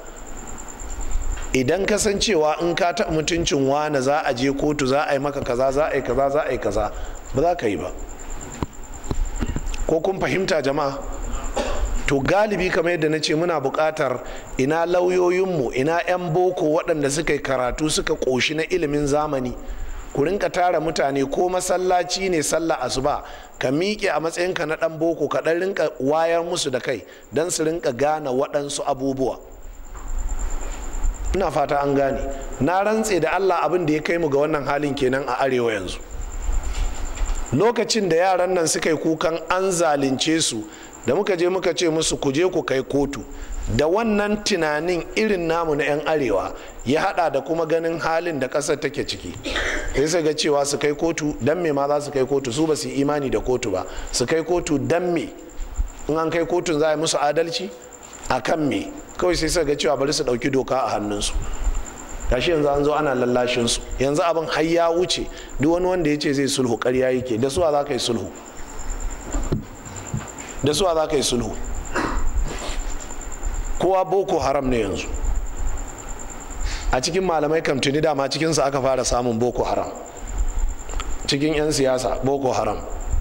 idan ka san cewa in ka taɓa mutuncin wani za a je kotu za a yi maka kaza za a yi kaza za a yi kaza ba za ka yi ba ko kun fahimta jama'a to galibi kamar yadda na ce muna buƙatar ina lauyoyinmu ina 'yan boko waɗanda suka yi karatu suka ƙoshi na ilimin zamani ku rinka tara mutane ko masallaci ne sallah asuba ka miƙe a matsayinka na ɗan boko ka ɗan rinka wayar musu da kai don su rinka gane waɗansu abubuwa ina fata an gane na rantse da allah abin da ya kai mu ga wannan halin kenan a arewa yanzu lokacin da yaran nan suka yi kukan an zalunce su da muka je muka ce musu ku je ku kai kotu da wannan tunanin irin namu na 'yan arewa ya hada da kuma ganin halin da kasar take ciki sai sai ga cewa su kai kotu dan me ma za su kai kotu su ba su imani da kotu ba su kai kotu dan me in an kai kotun za a yi musu adalci a kan me kawai sai sai ga cewa bari su ɗauki doka a hannunsu gashi yanzu an zo ana lallashin su yanzu abin har ya wuce duk wani wanda ya ce zai sulhu karya yake da suwa za ka yi sulhu da suwa za ka yi sulhu kowa boko haram ne yanzu a cikin malamai kam tuni dama cikinsa aka fara samun boko haram cikin 'yan siyasa boko haram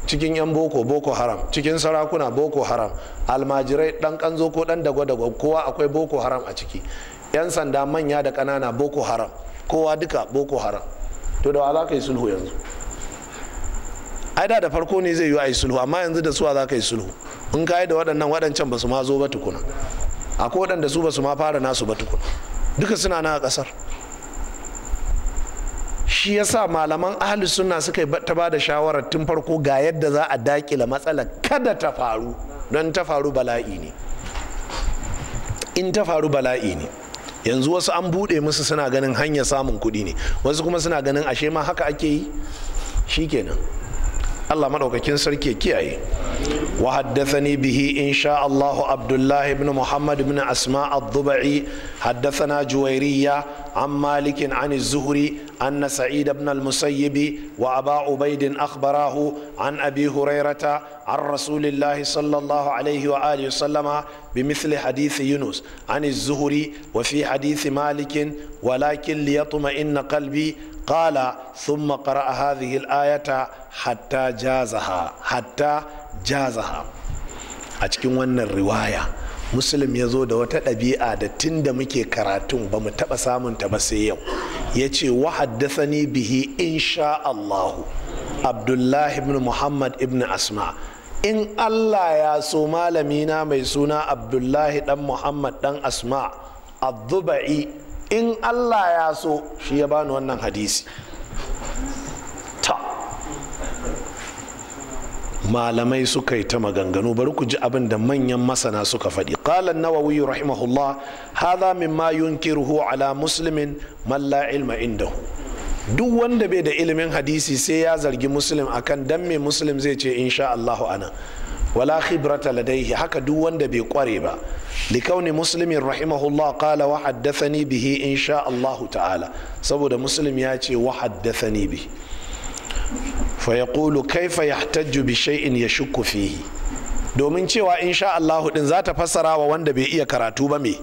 cikin 'yan boko boko haram cikin sarakuna boko haram almajirai dan kanzo ko dan dagwa-dagwa kowa akwai boko haram a ciki 'yan sanda manya da ƙanana boko haram kowa duka boko haram to da wa za ka yi sulhu yanzu ai da da farko ne zai yi ai sulhu amma yanzu da suwa za ka yi sulhu in ka yi da waɗannan waɗancan ba su ma zo ba tukuna akwai waɗanda su ba su ma fara nasu ba tukuna duka suna na a ƙasar shi ya sa malaman ahli suna suka ta ba da shawarar tun farko ga yadda za a dakila matsala kada ta faru don ta faru bala'i ne in ta faru bala'i ne yanzu wasu an buɗe musu suna ganin hanyar samun kuɗi ne wasu kuma suna ganin ashe ma haka ake yi shikenan Allah maɗaukakin sarki kiyaye. Wa haddathani bihi insha Allahu Abdullahi ibn Muhammad ibn Asma al-Dubai haddathana juwairiyya an malikin an zuhuri anna Sa'id ibn al-Musayyibi wa Aba Ubaidin akhbarahu an Abi Hurairata an Rasulillahi sallallahu alaihi wa sallama bimithli hadithi Yunus an zuhuri wa fi hadithi malikin walakin liyatuma inna qalbi قال ثم قرأ هذه الآية حتى جازها حتى جازها a cikin wannan riwaya muslim ya zo da wata ɗabi'a da tun da muke karatun ba mu taɓa samun ta ba sai yau ya ce wa bihi insha Allahu abdullahi ibn muhammad ibn asma in Allah ya so malamina mai suna abdullahi dan muhammad dan asma addubai in allah ya so shi ya bani wannan hadisi ta malamai suka yi ta maganganu bari ku ji abin da manyan masana suka faɗi qala nawawi rahimahullah hadha mimma yunkiruhu ala muslimin man la ilma indahu duk wanda bai da ilimin hadisi sai ya zargi muslim akan dan me muslim zai ce insha Allahu ana wala khibrata ladaihi haka duk wanda bai kware ba likauni muslimin rahimahullah qala wa haddathani bihi insha ta'ala saboda muslim ya ce wa haddathani bihi fa yaqulu kaifa ya bi shay'in yashukku fihi domin cewa insha Allahu din zata fassara wa wanda bai iya karatu ba me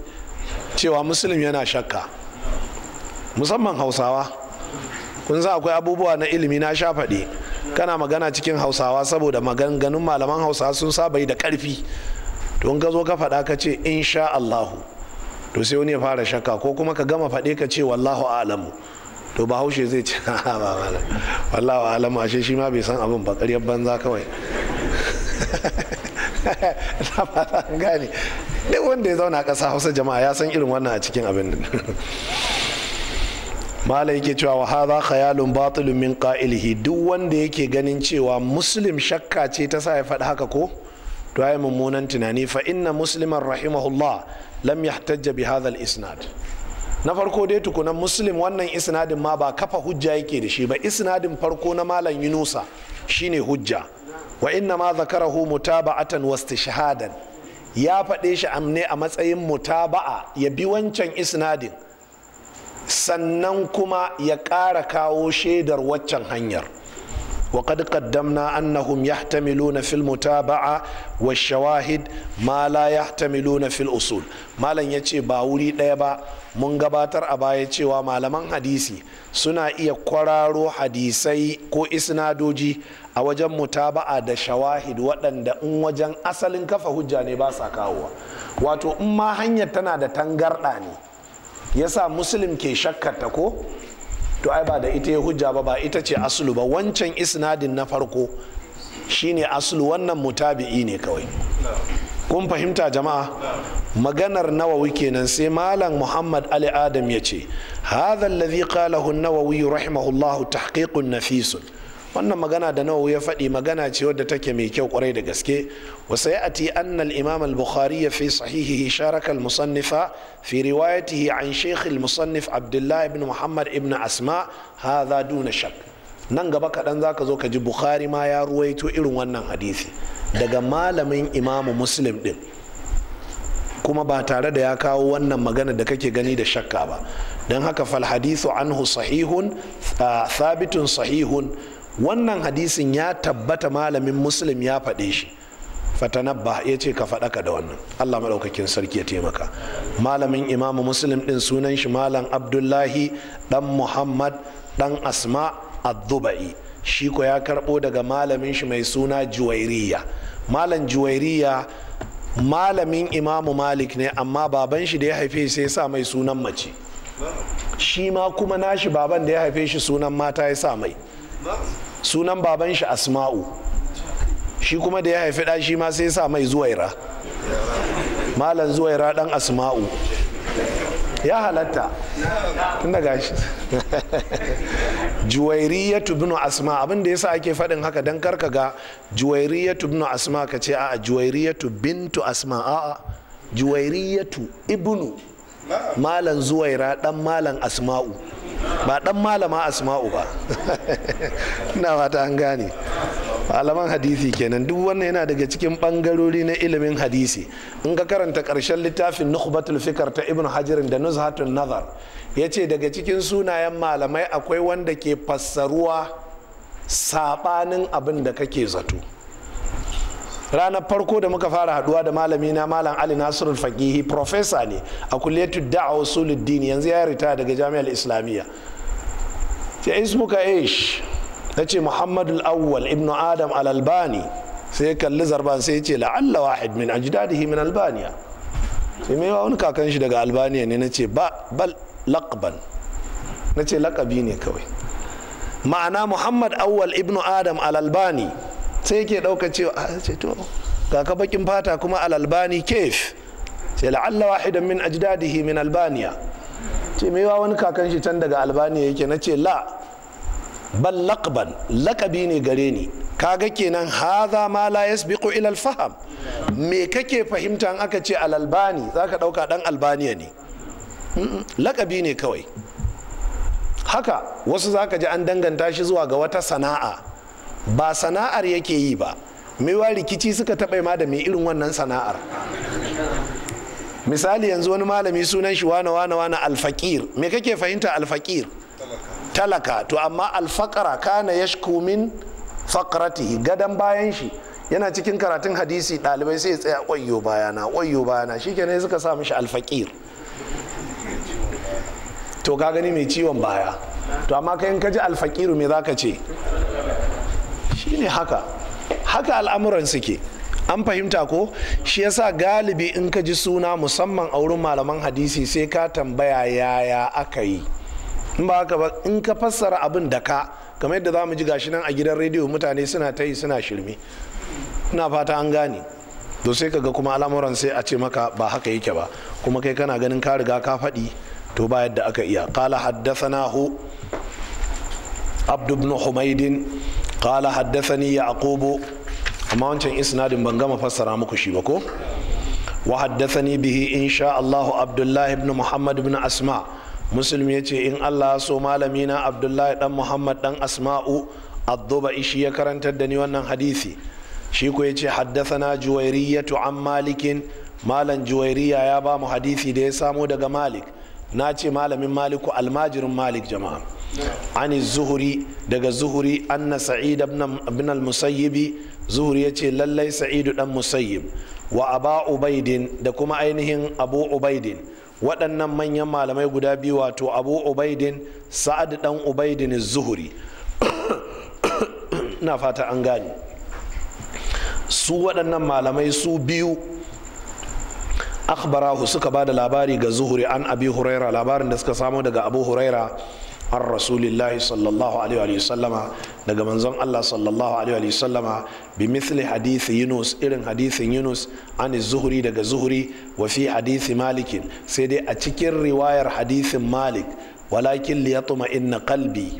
cewa muslim yana shakka musamman hausawa kun san akwai abubuwa na ilimi na sha faɗi kana magana cikin hausawa saboda maganganun malaman hausawa sun saba da ƙarfi to in ka zo ka faɗa ka ce insha allahu to sai wani ya fara shakka ko kuma ka gama faɗe ka ce wallahu alamu to bahaushe zai ce (laughs) wallahu alamu ashe shi ma bai san abin ba ƙaryar banza kawai (laughs) duk wanda ya zauna ƙasa hausa jama'a ya san irin wannan a cikin abin (laughs) mala yake cewa wa haza khayalun batilun min qa'ilihi duk wanda yake ganin cewa muslim shakka ce ta sa ya faɗi haka ko to ayi mummunan tunani fa inna musliman rahimahullah lam yahtajja bi hadha al-isnad na farko dai tukunan muslim wannan isnadin ma ba kafa hujja yake da shi ba isnadin farko na malam yunusa shine hujja wa inna ma zakarahu mutaba'atan wastishhadan ya faɗe shi amne a matsayin mutaba'a ya bi wancan isnadin Sannan kuma ya ƙara kawo shaidar waccan hanyar. Waƙar kaddam na Anahumma ya hata miliyon na filin mu taba'a wa shawahida mala ya hata miliyon na filin usul. Malam ya ce ba wuri ɗaya ba mun gabatar a baya cewa malaman hadisi suna iya kwararo hadisai ko isnadoji a wajen mutaba'a da shawahid Waɗanda in wajen asalin kafa hujja ne basa kawowa. Wato in ma hanyar tana da tangarɗa ne. yasa muslim ke shakkarta ko to ai ba da ita ya hujja ba ba ita ce asulu ba wancan isnadin na farko shine asulu wannan mutabi'i ne kawai kun fahimta jama'a maganar nawawi kenan sai malam muhammad ali adam ya ce hadha alladhi qalahu an-nawawi rahimahullahu tahqiqun nafisun wannan magana da nawawi ya faɗi magana ce wadda take mai kyau kwarai da gaske wa sayati anna al-imam al-bukhari fi sahihihi sharaka al-musannifa fi riwayatihi an shaykh al-musannif abdullah ibn muhammad ibn asma hadha duna shak nan gaba kaɗan zaka zo ka ji bukhari ma ya ruwaito irin wannan hadisi daga malamin imamu muslim din kuma ba tare da ya kawo wannan magana da kake gani da shakka ba don haka fal hadithu anhu sahihun thabitun sahihun wannan hadisin ya tabbata malamin muslim ya faɗe shi fatanabba ya ce ka faɗa ka da wannan allah maɗaukakin sarki ya taimaka malamin imamu muslim ɗin sunan shi malam abdullahi ɗan muhammad ɗan asma addubai shi ko ya karɓo daga malamin shi mai suna juwairiya malam juwairiya malamin imamu malik ne amma baban shi da ya haife sai sa mai sunan mace shi ma kuma nashi baban da ya haife shi sunan mata ya sa mai sunan baban shi asma'u shi kuma da ya haifi ɗa shi ma sai sa mai zuwaira malam zuwaira ɗan asma'u ya halatta tun daga shi (laughs) juwairiyatu binu asma abin da sa ake faɗin haka don karka ga juwairiyatu binu asma ka ce a'a juwairiyatu bintu asma a'a juwairiyatu ibnu malam zuwaira dan malam asma'u ba dan malama asma'u ba ina (laughs) fata an gane malaman hadisi kenan duk wannan yana daga cikin bangarori na ilimin hadisi in ka karanta karshen littafin nukhbatul fikar ta ibn hajirin da nuzhatun nazar ya ce daga cikin sunayen malamai akwai wanda ke fassaruwa sabanin abin da kake zato ranar farko da muka fara haduwa da malami na malam ali Nasiru fakihi profesa ne a kulliyatu da'awa usuluddin yanzu ya rita daga jami'ar islamiyya ya ismuka ish na ce muhammadu awwal ibnu adam al-albani sai kalli zarban sai ce la'alla wahid min ajdadihi min albaniya sai mai wani kakan shi daga albaniya ne na ce bal laqban na ce laqabi ne kawai ma'ana muhammad awwal ibnu adam al sai yake ɗauka cewa a ah, ce to ga bakin fata kuma alalbani kef sai la'alla wahidan min ajdadihi min albaniya ce mai wani kakan shi can daga albaniya yake na ce la bal laqban laqabi ne gare ni kaga kenan haza ma la yasbiqu ila faham me kake fahimta an aka ce al albani zaka dauka dan albaniya ne laqabi ne kawai haka wasu zaka ji an danganta shi zuwa ga wata sana'a ba sana'ar yake yi ba maiwa rikici suka taɓa ma da mai irin wannan sana'ar misali yanzu wani malami sunan shi wana wana wana alfakir me kake fahimta alfakir talaka to amma alfakara kana yashku min faƙaratihi gadon bayan shi yana cikin karatun hadisi ɗalibai sai ya tsaya ƙwayo bayana ƙwayo bayana shi ne suka sa mishi alfakir to ka gani mai ciwon baya to amma kai in ka ji alfakiru me za ka ce shine haka haka al'amuran suke an fahimta ko shi yasa galibi in ka ji suna musamman a wurin malaman hadisi sai ka tambaya yaya aka yi in ba haka ba in ka fassara abin da ka kamar yadda za mu ji gashi nan a gidan rediyo mutane suna ta yi suna shirme ina fata an gane to sai kaga kuma al'amuran sai a ce maka ba haka yake ba kuma kai kana ganin ka riga ka faɗi to ba yadda aka iya qala haddathana hu abdu ibn humaydin Kala qala haddathani yaqub amma wancan isnadin ban gama fassara muku shi ba ko wa ni bihi insha Allahu Abdullah ibn Muhammad ibn Asma ya yace in Allah so malami na abdullahi dan Muhammad dan Asma'u adduba ishi ya karantar da ni wannan hadisi shi ko na haddathana juwairiyatu an malikin malam juwairiya ya ba mu hadisi da ya samo daga malik na ce malamin maliku almajirin malik jama'a ani zuhuri daga zuhuri anna sa'id ibn al-musayyib zuhuri yace lallai sa'idu dan musayyib wa aba ubaidin da kuma ainihin abu ubaidin waɗannan manyan malamai guda biyu wato abu ubaidin sa'ad dan ubaidin zuhuri na fata an gane su waɗannan malamai su biyu akhbarahu suka ba da labari ga zuhuri an abi huraira labarin da suka samu daga abu huraira an rasulillahi sallallahu alaihi sallama daga manzon Allah sallallahu alaihi sallama bi misli hadithi yunus irin hadithin yunus an zuhuri daga zuhuri wa fi hadithi malikin sai dai a cikin riwayar hadithin malik walakin liyatuma inna qalbi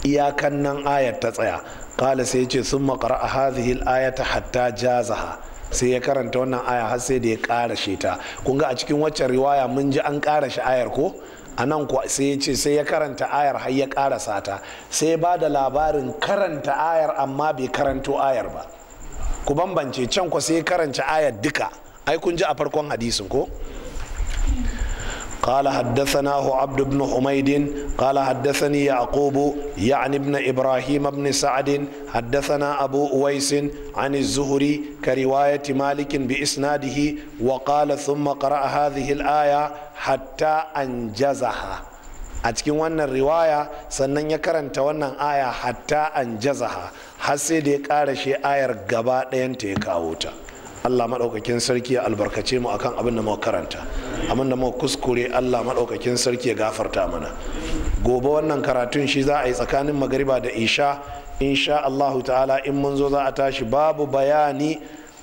iyakan nan ayar ta tsaya kala sai yace sun makara a hazihil ayata hatta jazaha sai ya karanta wannan aya har sai da ya karashe ta kun ga a cikin waccan riwaya mun ji an karashe ayar ko a nan kuwa sai ya ce sai ya karanta ayar har ya karasa sata sai ya ba da labarin karanta ayar amma bai karanto ayar ba ku bambance can kwa sai ya karanta ayar duka ai kun ji a farkon hadisin ko قال حدثناه عبد بن حميد قال حدثني يعقوب يعني ابن إبراهيم بن سعد حدثنا أبو أويس عن الزهري كرواية مالك بإسناده وقال ثم قرأ هذه الآية حتى أنجزها a cikin wannan riwaya sannan ya karanta wannan aya hatta an jazaha har sai da ya ƙara shi ayar gaba ɗayanta ya kawo ta Allah maɗaukakin sarki ya albarkace mu akan abin da muka karanta abin da muka kuskure Allah maɗaukakin sarki ya gafarta mana gobe wannan karatun shi za a yi tsakanin magariba da isha insha Allahu ta'ala in mun zo za a tashi babu bayani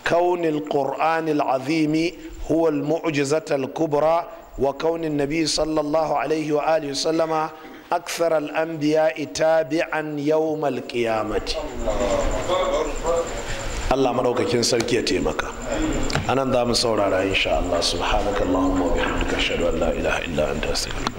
kaunil qur'anil azimi huwa al kubra wa kaunin nabi sallallahu alaihi wa alihi sallama أكثر الأنبياء تابعا يوم القيامة Allah madaukakin sarki ya taimaka anan za mu saurara insha Allah subhanakallahumma wa bihamdika ashhadu an la ilaha illa anta astaghfiruka